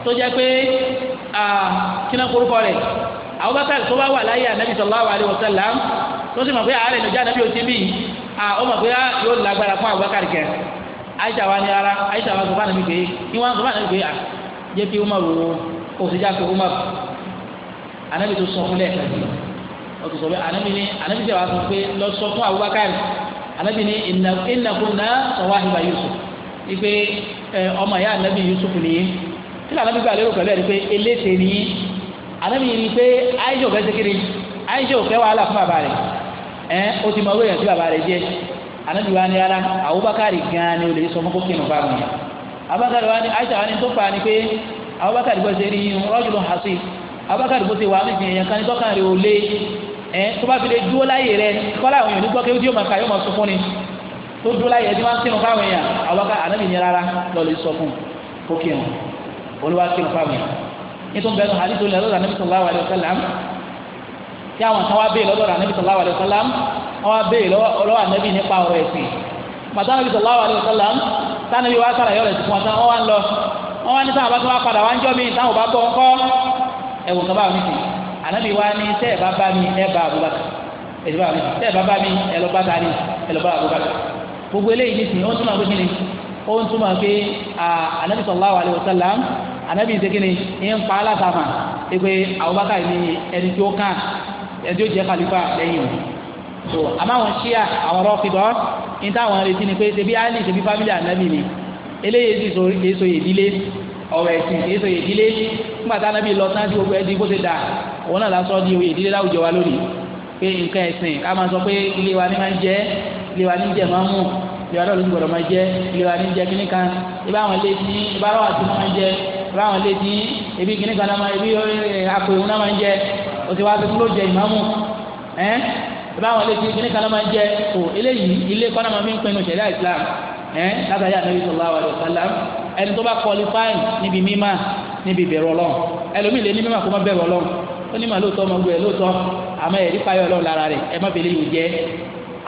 tó jẹ́ pé kíná korúkọ rẹ̀ Abubakar tó bá wà láyé tó sì mọ̀ pé aisha wa ni ara aisha wa sọfà nàmi pé ìwà sọfà nàmi pé à ah, jẹ́ kí umaru wo kò sí jáfe umaru anabi tó sọ fún lẹ́ẹ̀kan sí o tó sọ pé anabi ni anabi tẹ wá sọ pé lọ sọ fún abubakar anabi ni ìnàkúnà sọwáhìbá yusuf ipe ọmọ ya anabi yusuf nìyí kí lànà bíbá lérò pẹ̀lú ẹni pé eléte nìyí anabi ni pé aisha ò fẹ́ sékiri aisha ò fẹ́ wàhálà fún bàbá rẹ̀ ẹ̀ o ti mọ owó yẹn sí bàbá rẹ̀ díẹ̀ anabi wa ni ara abubakar gan ni o lè sọ fún kókè nù fáwọn yẹn abubakar wa ni aisha wa ni fa ni pé abubakar bó ṣe rí yín rọ́jùlọ hasi abubakar bó ṣe wà ní ìyẹn kan ní tọ́kàn rẹ̀ ò lé ẹ tó bá fi lè dúró láyè rẹ kọ́lá àwọn èèyàn ní gbọ́kẹ́ tí yóò máa ka yóò máa sọ fún ni tó dúró láyè ẹ tí wọ́n ń sínú fáwọn èèyàn abubakar anabi ni rárá lọ́ọ́ lè sọ fún kókè nù olúwa sínú fáwọn yẹn nítorí bẹ́ẹ̀ tí àwọn kan wá béè lọ́dọ̀ ànábì sallallahu alayhi wa sallam wọ́n wá béè lọ́wọ́ ànábì nípa ọ̀rọ̀ ẹ̀sìn màtá ànábì sallallahu alayhi wa sallam tánàbí wá sára yọ̀rọ̀ ẹ̀sìn fún wọn tán wọ́n wá ń lọ wọ́n wá ní sáwọn bá tún wá padà wá ń jọ́ mi táwọn bá bọ̀ ńkọ́ ẹ̀wọ̀n kan bá wọn nìsín ànábì wá ní tẹ́ ẹ̀ bá bá mi ẹ̀ bá Abubakar èdè bá mi tẹ́ ẹ̀ bá bá mi ẹ̀ lọ bá ta ni ẹni tí ó jẹ́ khalifa lẹ́yìn o so àmọ́ àwọn ṣíà àwọn rọ́fìdọ́ ní táwọn retí ni pé ṣebí ali ṣebí fámìlì ànábì ni eléyìí ti so èso ìdílé ọ̀rọ̀ ẹ̀sìn èso ìdílé nígbà tá ànábì lọ sáńtì gbogbo ẹdí bó dà òun náà lásán di ìdílé láwùjọ wa lónìí pé nǹkan ẹ̀sìn ká máa sọ pé ilé wa ni máa ń jẹ ilé wa ni jẹ máa ń mú ilé wa náà ló ń gbọdọ̀ máa jẹ ilé wa ni jẹ kíní kan ibà àwọn ilé tí ibà àwọn àti máa ń jẹ ibà àwọn ilé tí ebi kíní kan náà máa ebi eh, akọ o ti wá sí ló jẹ ìmáàmù ẹ ìbá àwọn ilé kíni kan máa jẹ o eléyìí ilé kọ́nà máa fi ń pinnu ṣẹ̀dá islam ẹ látàrí ànábi sallallahu alaihi wasallam ẹni tó bá qualify níbi mímà níbi ìbẹ̀rù ọlọ́run ẹlòmíì lè ní mímà kó má bẹ̀rù ọlọ́run ó ní mà lóòótọ́ ọmọ gbé e lóòótọ́ àmọ́ ẹ̀rí payọ̀ ọlọ́run lára rẹ̀ ẹ má bèlè yìí jẹ́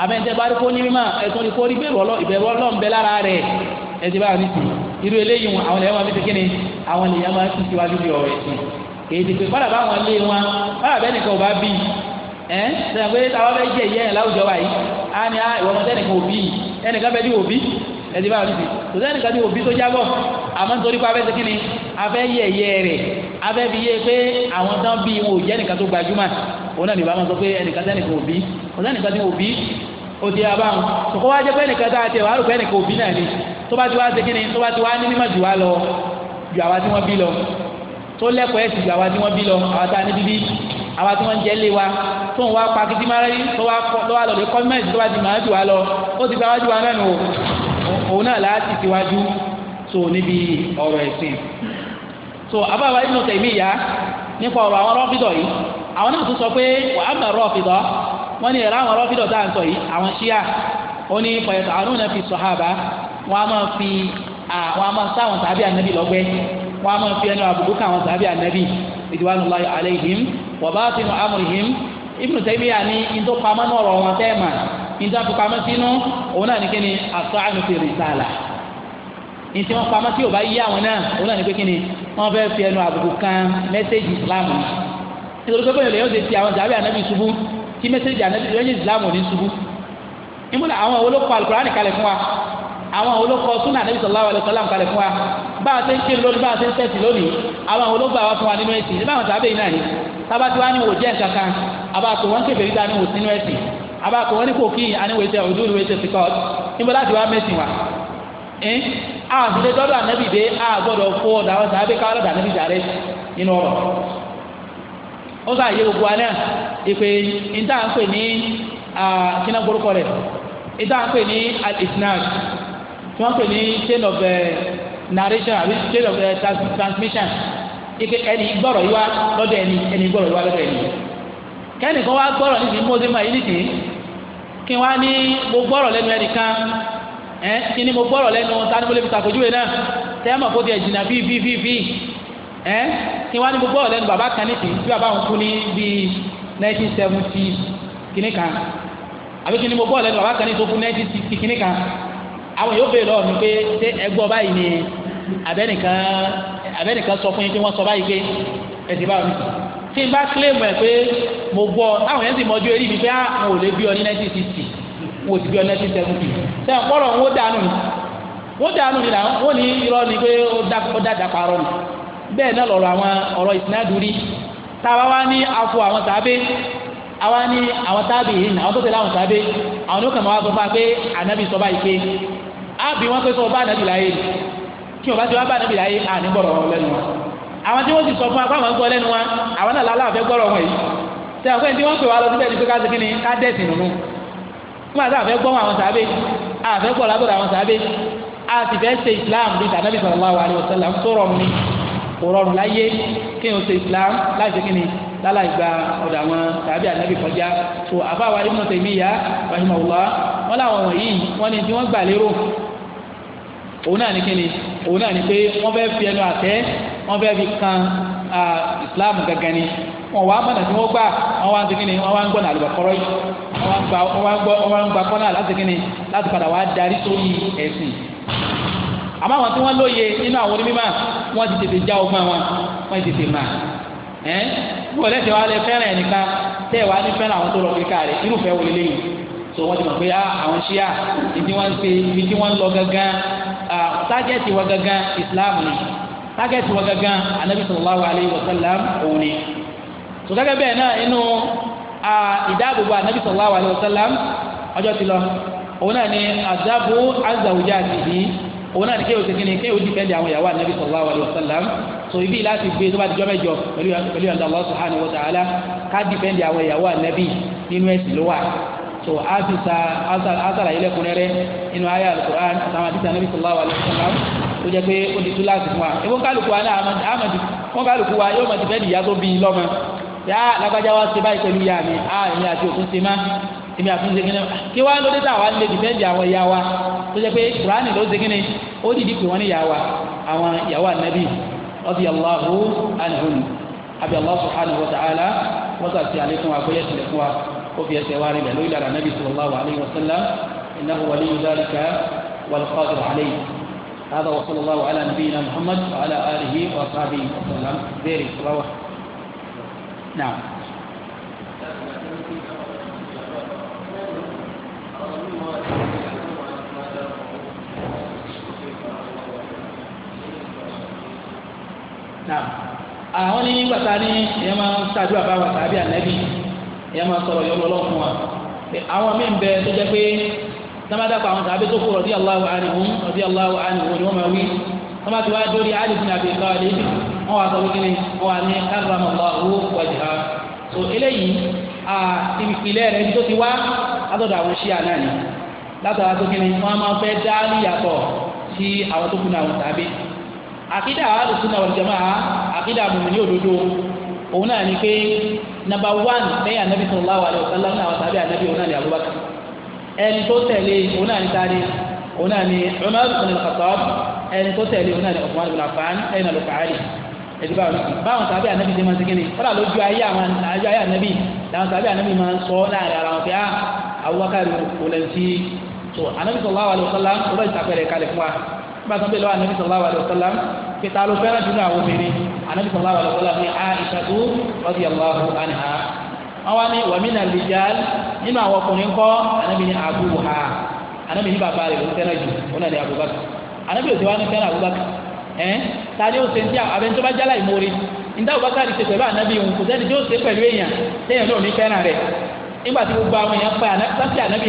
àmọ́ ẹ̀ńtẹ́ bá rí kó ní mímà ẹ̀tọ́ ni kó rí bẹ̀rù ọlọ́run ìbẹ̀rù ọlọ́run bẹ lára rẹ̀ kéde pé kọ́dà báwọn lé wọn kọ́dà bẹ́ẹ̀ nìkan ò bá bí ẹ sẹ́yìn pé táwọn bẹ́ẹ̀ jẹ́ ìyá yẹn láwùjọ wa yìí á ní á ah, ìwọ ọmọdé nìkan òbí ẹnìkan bẹ́ẹ̀ ní òbí ẹ̀dí bá òbí kò sẹ́yìn nìkan ní òbí tó jábọ̀ àmọ́ nítorí pé abẹ́sẹ̀ kínni abẹ́ yẹ ẹ̀yẹ rẹ̀ abẹ́ fi yé pé àwọn tán bí wọn ò jẹ́ nìkan tó gbajúmọ̀ òun náà ní ìbámu sọ pé ẹnìkan sẹ́yìn sẹ́yìn nìkan ní ni tó bá ti bí tó lẹ́kọ̀ọ́ ẹ̀sìn gbà wá tí wọ́n bí lọ àwọn tá a ní bíbí àwọn tí wọ́n ń jẹ́ lé wa tó ń wá pa kìtì máa rí tó wá lọ lè kọ́mẹ́ǹtì tó wá di màá jù wá lọ ó ti gba wájú wa mẹ́nu òun náà láti tiwájú tó níbi ọ̀rọ̀ ẹ̀sìn so abáwa Ibn Taymiyyah nípa ọ̀rọ̀ àwọn rọ́fìdọ̀ yìí àwọn náà tún sọ pé wàá mọ̀ rọ́fìdọ̀ wọ́n ní ẹ̀rọ àwọn rọ́fìdọ̀ wọn a máa fi ẹnu àbùkù káwọn sábẹ́ ànábì ridwanullahi alaihim wa batinu amrihim Ibn Taymiyyah ní ìdókòpamọ́ náà rọ̀ wọn tẹ́ẹ̀mà ìdókòpamọ́ sínú òun náà ní kíni as-ta'nu fi risala ìtì wọn pamọ́ tí o yí àwọn náà òun náà ní pé kí fẹ́ fi ẹnu àbùkù kan mẹ́sẹ́jì ìsìlámù nítorí pé bẹ́ẹ̀ lẹ́yìn ti àwọn jàbí ànábì ṣubú kí mẹ́sẹ́jì ànábì lẹ́yìn bá a ṣe ń kiri lónìí bá a ṣe ń tẹ̀sí lónìí àwọn àwọn olóògbé àwọn fún nínú ẹ̀sìn nígbà wọn sábẹ́ yìí náà ni sábà tí wọ́n wò jẹ́ kankan àbá wọn kébèrè dá ní wò sínú ẹ̀sìn àbá wọn ní kò kíyìn àní wòye níbo láti wá mẹ́sìn wa. a dọ́dọ̀ ànábì dé a gbọ́dọ̀ fọ́ ọ̀dàwọ̀ sábẹ́ narration àbí chain of eh, transmission ike ẹni gbọ́rọ̀ yìí wá lọ́dọ̀ ẹni ẹni gbọ́rọ̀ yìí wá lọ́dọ̀ ẹni kẹ́nìkan wá gbọ́rọ̀ níbi mọ́tò máa yìí nìkì kí wọ́n á ní mo gbọ́rọ̀ lẹ́nu ẹnìkan ẹ̀ kí ni mo gbọ́rọ̀ lẹ́nu tani mo lè fi ṣàpèjúwe náà tẹ́ẹ̀mọ̀ kó tiẹ̀ jìnnà bíi bíi bíi bíi ẹ̀ kí wọ́n á ní mo gbọ́rọ̀ lẹ́nu bàbá kan nìkì bí bàbá òun kú ní bíi 1970 kìnìkan àbí kí ni mo gbọ́rọ̀ lẹ́nu bàbá kan nìkì tó kú 1960 kìnìkan àwọn yóò béèrè lọ́wọ́ mi pé ṣé ẹgbọ́ báyìí ni abẹ́nìkan abẹ́nìkan sọ fún yín pé wọ́n sọ báyìí pé ẹ̀sìn báwọn nìkan tí n bá claim ẹ̀ pé mo gbọ́ àwọn yẹn sì mọ́jú eré mi pé àwọn ah, ò lè bí ọ ní 1960 wọn ò sì bí ọ ní 1970 sẹ́wọ̀n kọ́rọ̀ wọn ó dànù mi wọ́n dànù mi làwọn wọ́n ní irọ́ ni pé ó dàda parọ́ mi bẹ́ẹ̀ náà lọ̀rọ̀ àwọn ọ̀rọ̀ ìsìnàdúrí táwa wá ní afọ àwọn tàbí àwa ní àwọn tábìlì àwọn tó tẹ̀lé àwọn tàbí àwọn ní ó kàn máa wá sọ fún wa pé ànábì sọ báyìí pé ábí wọn pé sọ bá ànábì láyé ni kí wọn bá ti wá bá ànábì láyé àní gbọ́rọ̀ wọn lẹ́nu wa àwọn tí wọ́n sì sọ fún wa fáwọn gbọ́ lẹ́nu wa àwọn náà lálẹ́ àfẹ́ gbọ́rọ̀ wọn yìí tẹ àwọn ẹni tí wọ́n pè wá lọ síbẹ̀ ni pé ká sẹ́kìnni ká dẹ̀sì nínú nígbà tá àfẹ́ gbọ́ àwọn sàábé àfẹ́ gbọ́ lábọ̀dọ̀ àwọn sàábé a fẹ́ ṣe Islam bí sàdábì sallallahu alaihi wasallam tó rọrùn ni kò rọrùn láyé kí n ò ṣe Islam láti sẹ́kìnni lálà ìgbà ọ̀dọ̀ àwọn tàbí ànábì kọjá so àbáwá Ibn Taymiyyah rahimahullah wọn làwọn wọ̀nyí wọn ni tí wọ́n gbà lérò òun náà ni kíni òun náà ni pé wọ́n fẹ́ fi ẹnu àtẹ́ wọ́n fẹ́ fi kan Islam gangan ni wọn wà mọ̀nà tí wọ́n gbà wọ́n wá ń segin ni wọ́n wá ń gbọ́nà àlùbọ̀kọ́rọ́ yìí wọ́n wá ń gba kọ́nà láti segin ni láti padà wá darí sórí ẹ̀sìn àmọ́ àwọn tí wọ́n lóye nínú àwọn onímọ̀ wọ́n ti tètè já ogun àwọn wọ́n ti tètè máa ẹ bó lẹsẹ wa lẹ fẹ́ràn ẹnìkan tẹ wàá ní fẹ́ràn àwọn tó lọ kíkà rẹ irúfẹ́ wo lélẹyìn tó wọn ti mọ pé ah, àwọn ṣíà ibi wọn ṣe ibi tí wọn lọ gangan tágẹ́tì wọn gangan islam ni tágẹ́tì wọn gangan anabi sallallahu alayhi wa sallam òun ni tó gẹ́gẹ́ bẹ́ẹ̀ náà inú ìdáàbòbò anabi sallallahu alayhi wa sallam ọjọ́ ti lọ òun náà ni azabu azawujá ti di òun náà ni kéwòn ti kí ni kéwòn ti fẹ́ di àwọn ìyàwó anabi sallallahu alayhi wa sallam so ibi láti gbé tó bá ti jọ mẹ́jọ pẹ̀lú yọ̀ǹda Allah subhanahu wa ta'ala ká dìpẹ́ndì àwọn ìyàwó ànábì nínú ẹ̀sìn ló wà so asisa asara ilẹ̀ kúnrẹ́rẹ́ nínú ayé alukur'an àtàwọn àdìsí ànábì sallallahu alaihi wasallam tó jẹ́ pé ó di tú láti fún wa ìwọ́n kálukú wa náà àmàdì wọ́n kálukú wa yóò máa ti fẹ́ di ìyá tó bí lọ́mọ yá lágbájá wa ṣe báyìí pẹ̀lú ìyá mi á èmi àti òkú ṣe má èmi àti òkú ṣe kíni kí wá ló dé tá àwa lè dìfẹ́ǹdì àwọn ìyá wa tó jẹ́ pé kùránì ló ṣe kíni ó dìdí pé wọ́n ní ìyá wa رضي الله عنهم أبي الله سبحانه وتعالى وزاد عليكم وعفية الإخوة وفي سواري بلو إلى النبي صلى الله عليه وسلم إنه ولي ذلك والقادر عليه هذا وصلى الله على نبينا محمد وعلى آله وصحبه وسلم بيري صلى الله نعم àwọn ah, ní bàtà ní ìyẹn máa ń ṣàdúrà bá tàbí ànábì ìyẹn máa sọ̀rọ̀ yọ lọ́lọ́ fún wa àwọn míì ń bẹ tó jẹ́ pé àwọn tàbí tó kú ni wọ́n máa wí dórí Abi Talib wọ́n wá sọ wípé ni wọ́n wá ní karramallahu wajhahu so eléyìí àkídà alùsùnà wal jamaa àkídà mùmìnì òdodo òun náà ni pé nàbà wán lẹ́yìn anabi sallallahu alaihi wasallam náà wà sábẹ́ anabi òun náà ni abubakar ẹni tó tẹ̀lé òun náà ni tani òun náà ni umar ibn al-khattab ẹni tó tẹ̀lé òun náà ni uthman ibn affan ẹni náà ló fàáyé ẹdí báwọn báwọn sábẹ́ anabi ṣe máa ń segin ni kọ́lá lójú ayé àwọn àjọ ayé anabi làwọn sábẹ́ anabi máa ń sọ láàrin ara wọn pé ah abubakar kò lẹ́nu sí so anabi sallallahu alaihi wasallam ó nígbà tó ń bẹ lọ́wọ́ anabi sallallahu alayhi wa sallam pété alo fẹ́ràn jù náà obìnrin anabi sallallahu alayhi wa sallam ní aishatu radiyallahu anha wọn wá ní wàmínà lìjàl nínú àwọn ọkùnrin kọ́ anabi ní abu ha anabi ní bàbá rẹ̀ ló fẹ́ràn jù ó náà ní abubakar anabi ò ti wá ní fẹ́ràn abubakar ẹ̀ ta ni ó ṣe ń tí abẹ́ntóbá jálá ìmórí níta abubakar ṣe pẹ̀lú anabi òun kò sẹ́ni tí ó ṣe pẹ̀lú èèyàn téèyàn náà ní fẹ́ràn rẹ̀ nígbà tí gbogbo àwọn èèyàn pa anabi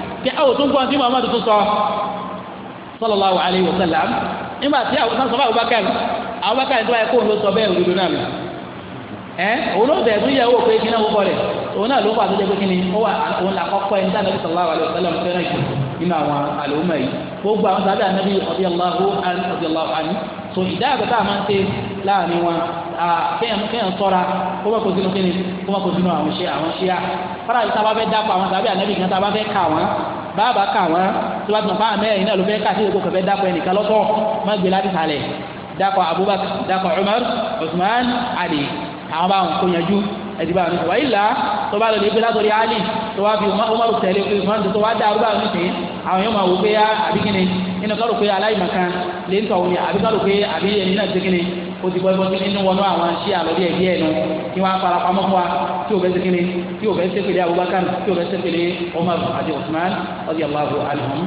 kí àwọn tó ń gbọ́n tí muhammadu tún sọ sallallahu alayhi wa nígbà tí àwọn tó ń sọ fún abubakar abubakar tó wáyé kóun ló sọ bẹ́ẹ̀ òdodo náà ẹ òun náà bẹ̀rẹ̀ tún yẹ owó pé kí náà ó rẹ̀ òun náà ló fà tó pé kí ni ó wà òun tí nínú àwọn àlùmọ̀ yìí gbogbo àwọn sábẹ́ ànábì radiyallahu anhu radiyallahu anhu so ìdáyàtọ̀ tá a máa ń ṣe láàrin wọn kéèyàn tọ́ra kó má kó sínú kíni kó má kó sínú àwọn ṣe àwọn ṣíà fara yìí tá a bá fẹ́ dápọ̀ àwọn sábẹ́ ànábì kan tá a bá fẹ́ kà wọ́n bàbá kà wọ́n tó bá tún fáwọn mẹ́rin náà ló fẹ́ kà sí ìdókòkò fẹ́ dápọ̀ ẹnìkan lọ́tọ̀ má gbé láti sàlẹ̀ dápọ̀ Abubakar dápọ̀ ẹ̀dìbà mi wàyí là tó bá lọ lè gbé látọ̀rí ali tó wá fi umaru tẹ̀lé pé umaru tó wá dá arúgbó àwọn ìsìn àwọn yóò máa wò pé ya àbí kíni nínú kárò pé aláìmọ̀kan lè ń tọ̀wọ̀ ni àbí kárò pé àbí ẹni náà ti kíni o ti bọ́ ibọ́sí nínú wọnú àwọn ṣí àlọ́dí ẹ̀bí ẹ̀ kí wọ́n á fara pamọ́ fún wa tí o bẹ́ sẹ́kẹ̀lé tí o bẹ́ sẹ́kẹ̀lé Abubakar tí o bẹ́ sẹ́kẹ̀lé Umar àti Usman radiyallahu anhum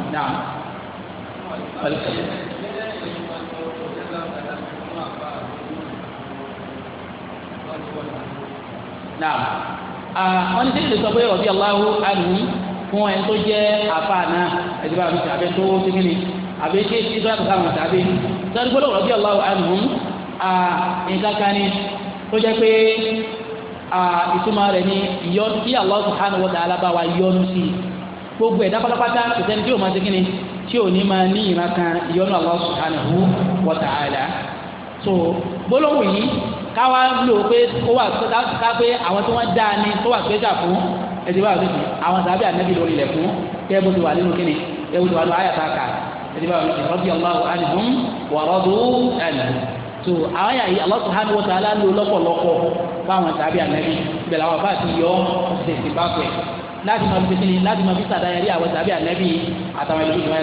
náà wọ́n ní sẹ́yìn lè sọ pé ọ̀bí aláwo àdùn fún ẹni tó jẹ́ àfa náà ẹ̀dí bá mi sọ abẹ́ tó ti mí ni àbẹ́ tí tí tó yàtọ̀ sáwọn tàbí sọ́dún gbọ́dọ̀ ọ̀bí aláwo àdùn nǹkan kan ni tó jẹ́ pé ìtumọ̀ rẹ̀ ni ìyọ́nú tí Allah subhanahu wa ta'ala bá wa yọ́nú sí i gbogbo ẹ̀dá pátápátá kò sẹ́ni tí yóò máa ṣe kí ni tí ò ní máa ní ìran kan ìyọ́nú Allah subhanahu wa ta'ala so gbólóhùn yìí káwa lò pé kó wà ká pé àwọn tí wọ́n dáa ni tó wà pé jà fún ẹtì bá wà pé àwọn sàbẹ̀ ànábì lórí ilẹ̀ fún kẹ́ bó ti wà nínú kíni kẹ́ bó ti wà nínú àyàtà kà ẹtì wà pé rọ́bì ọlọ́wọ́ àdìgún wọ̀rọ́dù ẹ̀nà tó àwọn yàrá Allah subhanahu wa ta'ala lò lọ́pọ̀lọpọ̀ fáwọn sàbẹ̀ ànábì bẹ̀rẹ̀ àwọn bá yọ ọ̀sẹ̀ bá pẹ̀ láti máa fi kíni láti máa fi sàdáyẹrí àwọn sàbẹ̀ ànábì àtàwọn ẹlòmíì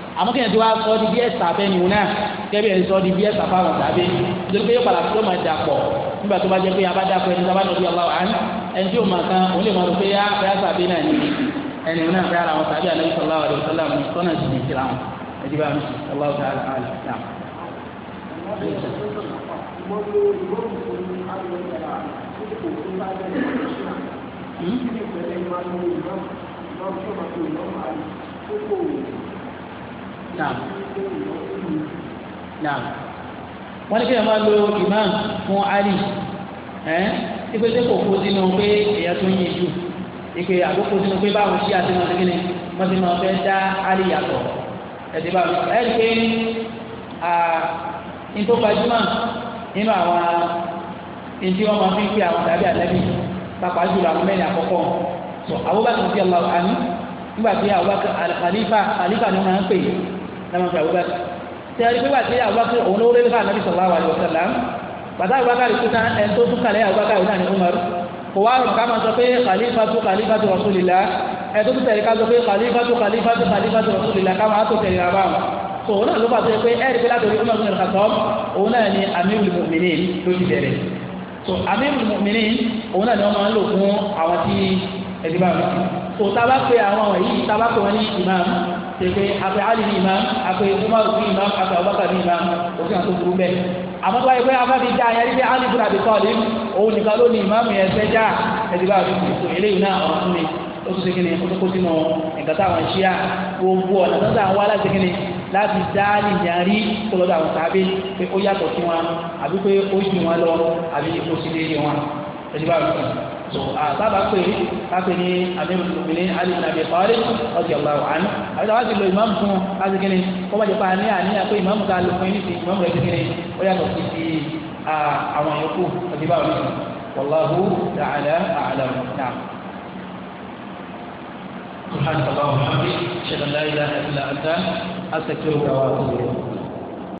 àmọ́ kéèyàn ti wá sọ di bí ẹ̀sà abẹ́ni wọn náà kẹ́bí ẹ̀ sọ di bí ẹ̀sà fáwọn tàbí nítorí pé yóò padà tó máa dà pọ̀ nígbà tó bá jẹ́ pé abá dàpọ̀ ẹni sábà lọ́dún ọlọ́wọ́ àná ẹni tí ó máa kan òun lè máa rò pé ah, yá ẹ̀sà abẹ́ náà ni ẹni wọn náà fẹ́ ara wọn tàbí àlejò sọlá wà sọlá wọn sọ́nà sì ní kíra wọn ẹ̀dí bá mi náà náà wọ́n ní kí ẹ máa lo imam fún ali ẹ́ ipe tí kò kó sínú pé èèyàn tó ń yin jù ipe àkókò sínú pé báwo ṣí àti wọn kíni wọ́n ti máa fẹ́ dá ali yàtọ̀ ẹ̀sì báwo ẹ̀ rí pé nítorí gbajúmọ̀ nínú àwọn ntí wọn máa fi ń pè àwọn tàbí àtẹ́bí pàpà jùlọ àwọn mẹ́rin àkọ́kọ́ so Abubakar ti ọlọ́wọ́ àní nígbà tí Abubakar khalifa khalifa ni wọn máa ń pè é náà fi Abubakar tí a rí pípa tí Abubakar òun ló rẹ́lẹ́fà nàbí sallallahu alaihi wasallam bàtà Abubakar kú tán ẹni eh, tó tún kàlẹ́ Abubakar òun náà ní Umar kò wá rọ̀ ká máa sọ pé khalifatu khalifatu rasulillah ẹni tó tún tẹ̀lé ká sọ pé khalifatu khalifatu khalifatu rasulillah ká máa tó tẹ̀lé ra báwọn so òun náà ló bá tó yẹ pé ẹ̀rí pé látòrí Umar bin Khattab òun náà ní amirul mu'minin ló ti bẹ̀rẹ̀ so amirul mu'minin òun náà ni wọ́n máa ń lò fún àwọn tí ẹ̀dí bá wọn so tá àwọn wọ̀nyí tá a bá ní ìmáàmù tẹ̀pẹ́ àpẹ ali ní imam àpẹ umaru ní imam àpẹ abubakar ní imam òfin àti òkúrú bẹ́ẹ̀ àmọ́ tó wáyé pé abáfi dá ayé rí pé ali bùrọ̀ àbí tọ́lì òun nìkan ló ní imam yẹn fẹ́ já ẹ̀dí bá fi kùtù eléyìí náà ọ̀rọ̀ fún mi ó tún ṣe kí ni ó tún kó sínú nǹkan táwọn ṣí à gbogbo ọ̀nà tó ń sàn wá láti kí ni láti dá nìyàrí tó lọ́dọ̀ àwọn sábẹ́ pé ó yàtọ̀ sí wọn àbí pé ó jù wọn lọ àbí ó sì dé so àtàbà ah, pé káfí ní amírù lùmìnì alì nàbì kọ́lé ọ̀sẹ̀ ọ̀gbà wàhánù àti àwọn ti lo ìmáàmù fún azikini kó má jẹ́ pé àní àníyàn pé ìmáàmù ta lò fún yín ti ìmáàmù rẹ̀ zikini ó yàtọ̀ sí ti àwọn yòókù àti báwọn yòókù wàlláhu ta'ala a'lam na'am. سبحانك اللهم وبحمدك اشهد ان لا اله الا انت استغفرك واتوب اليك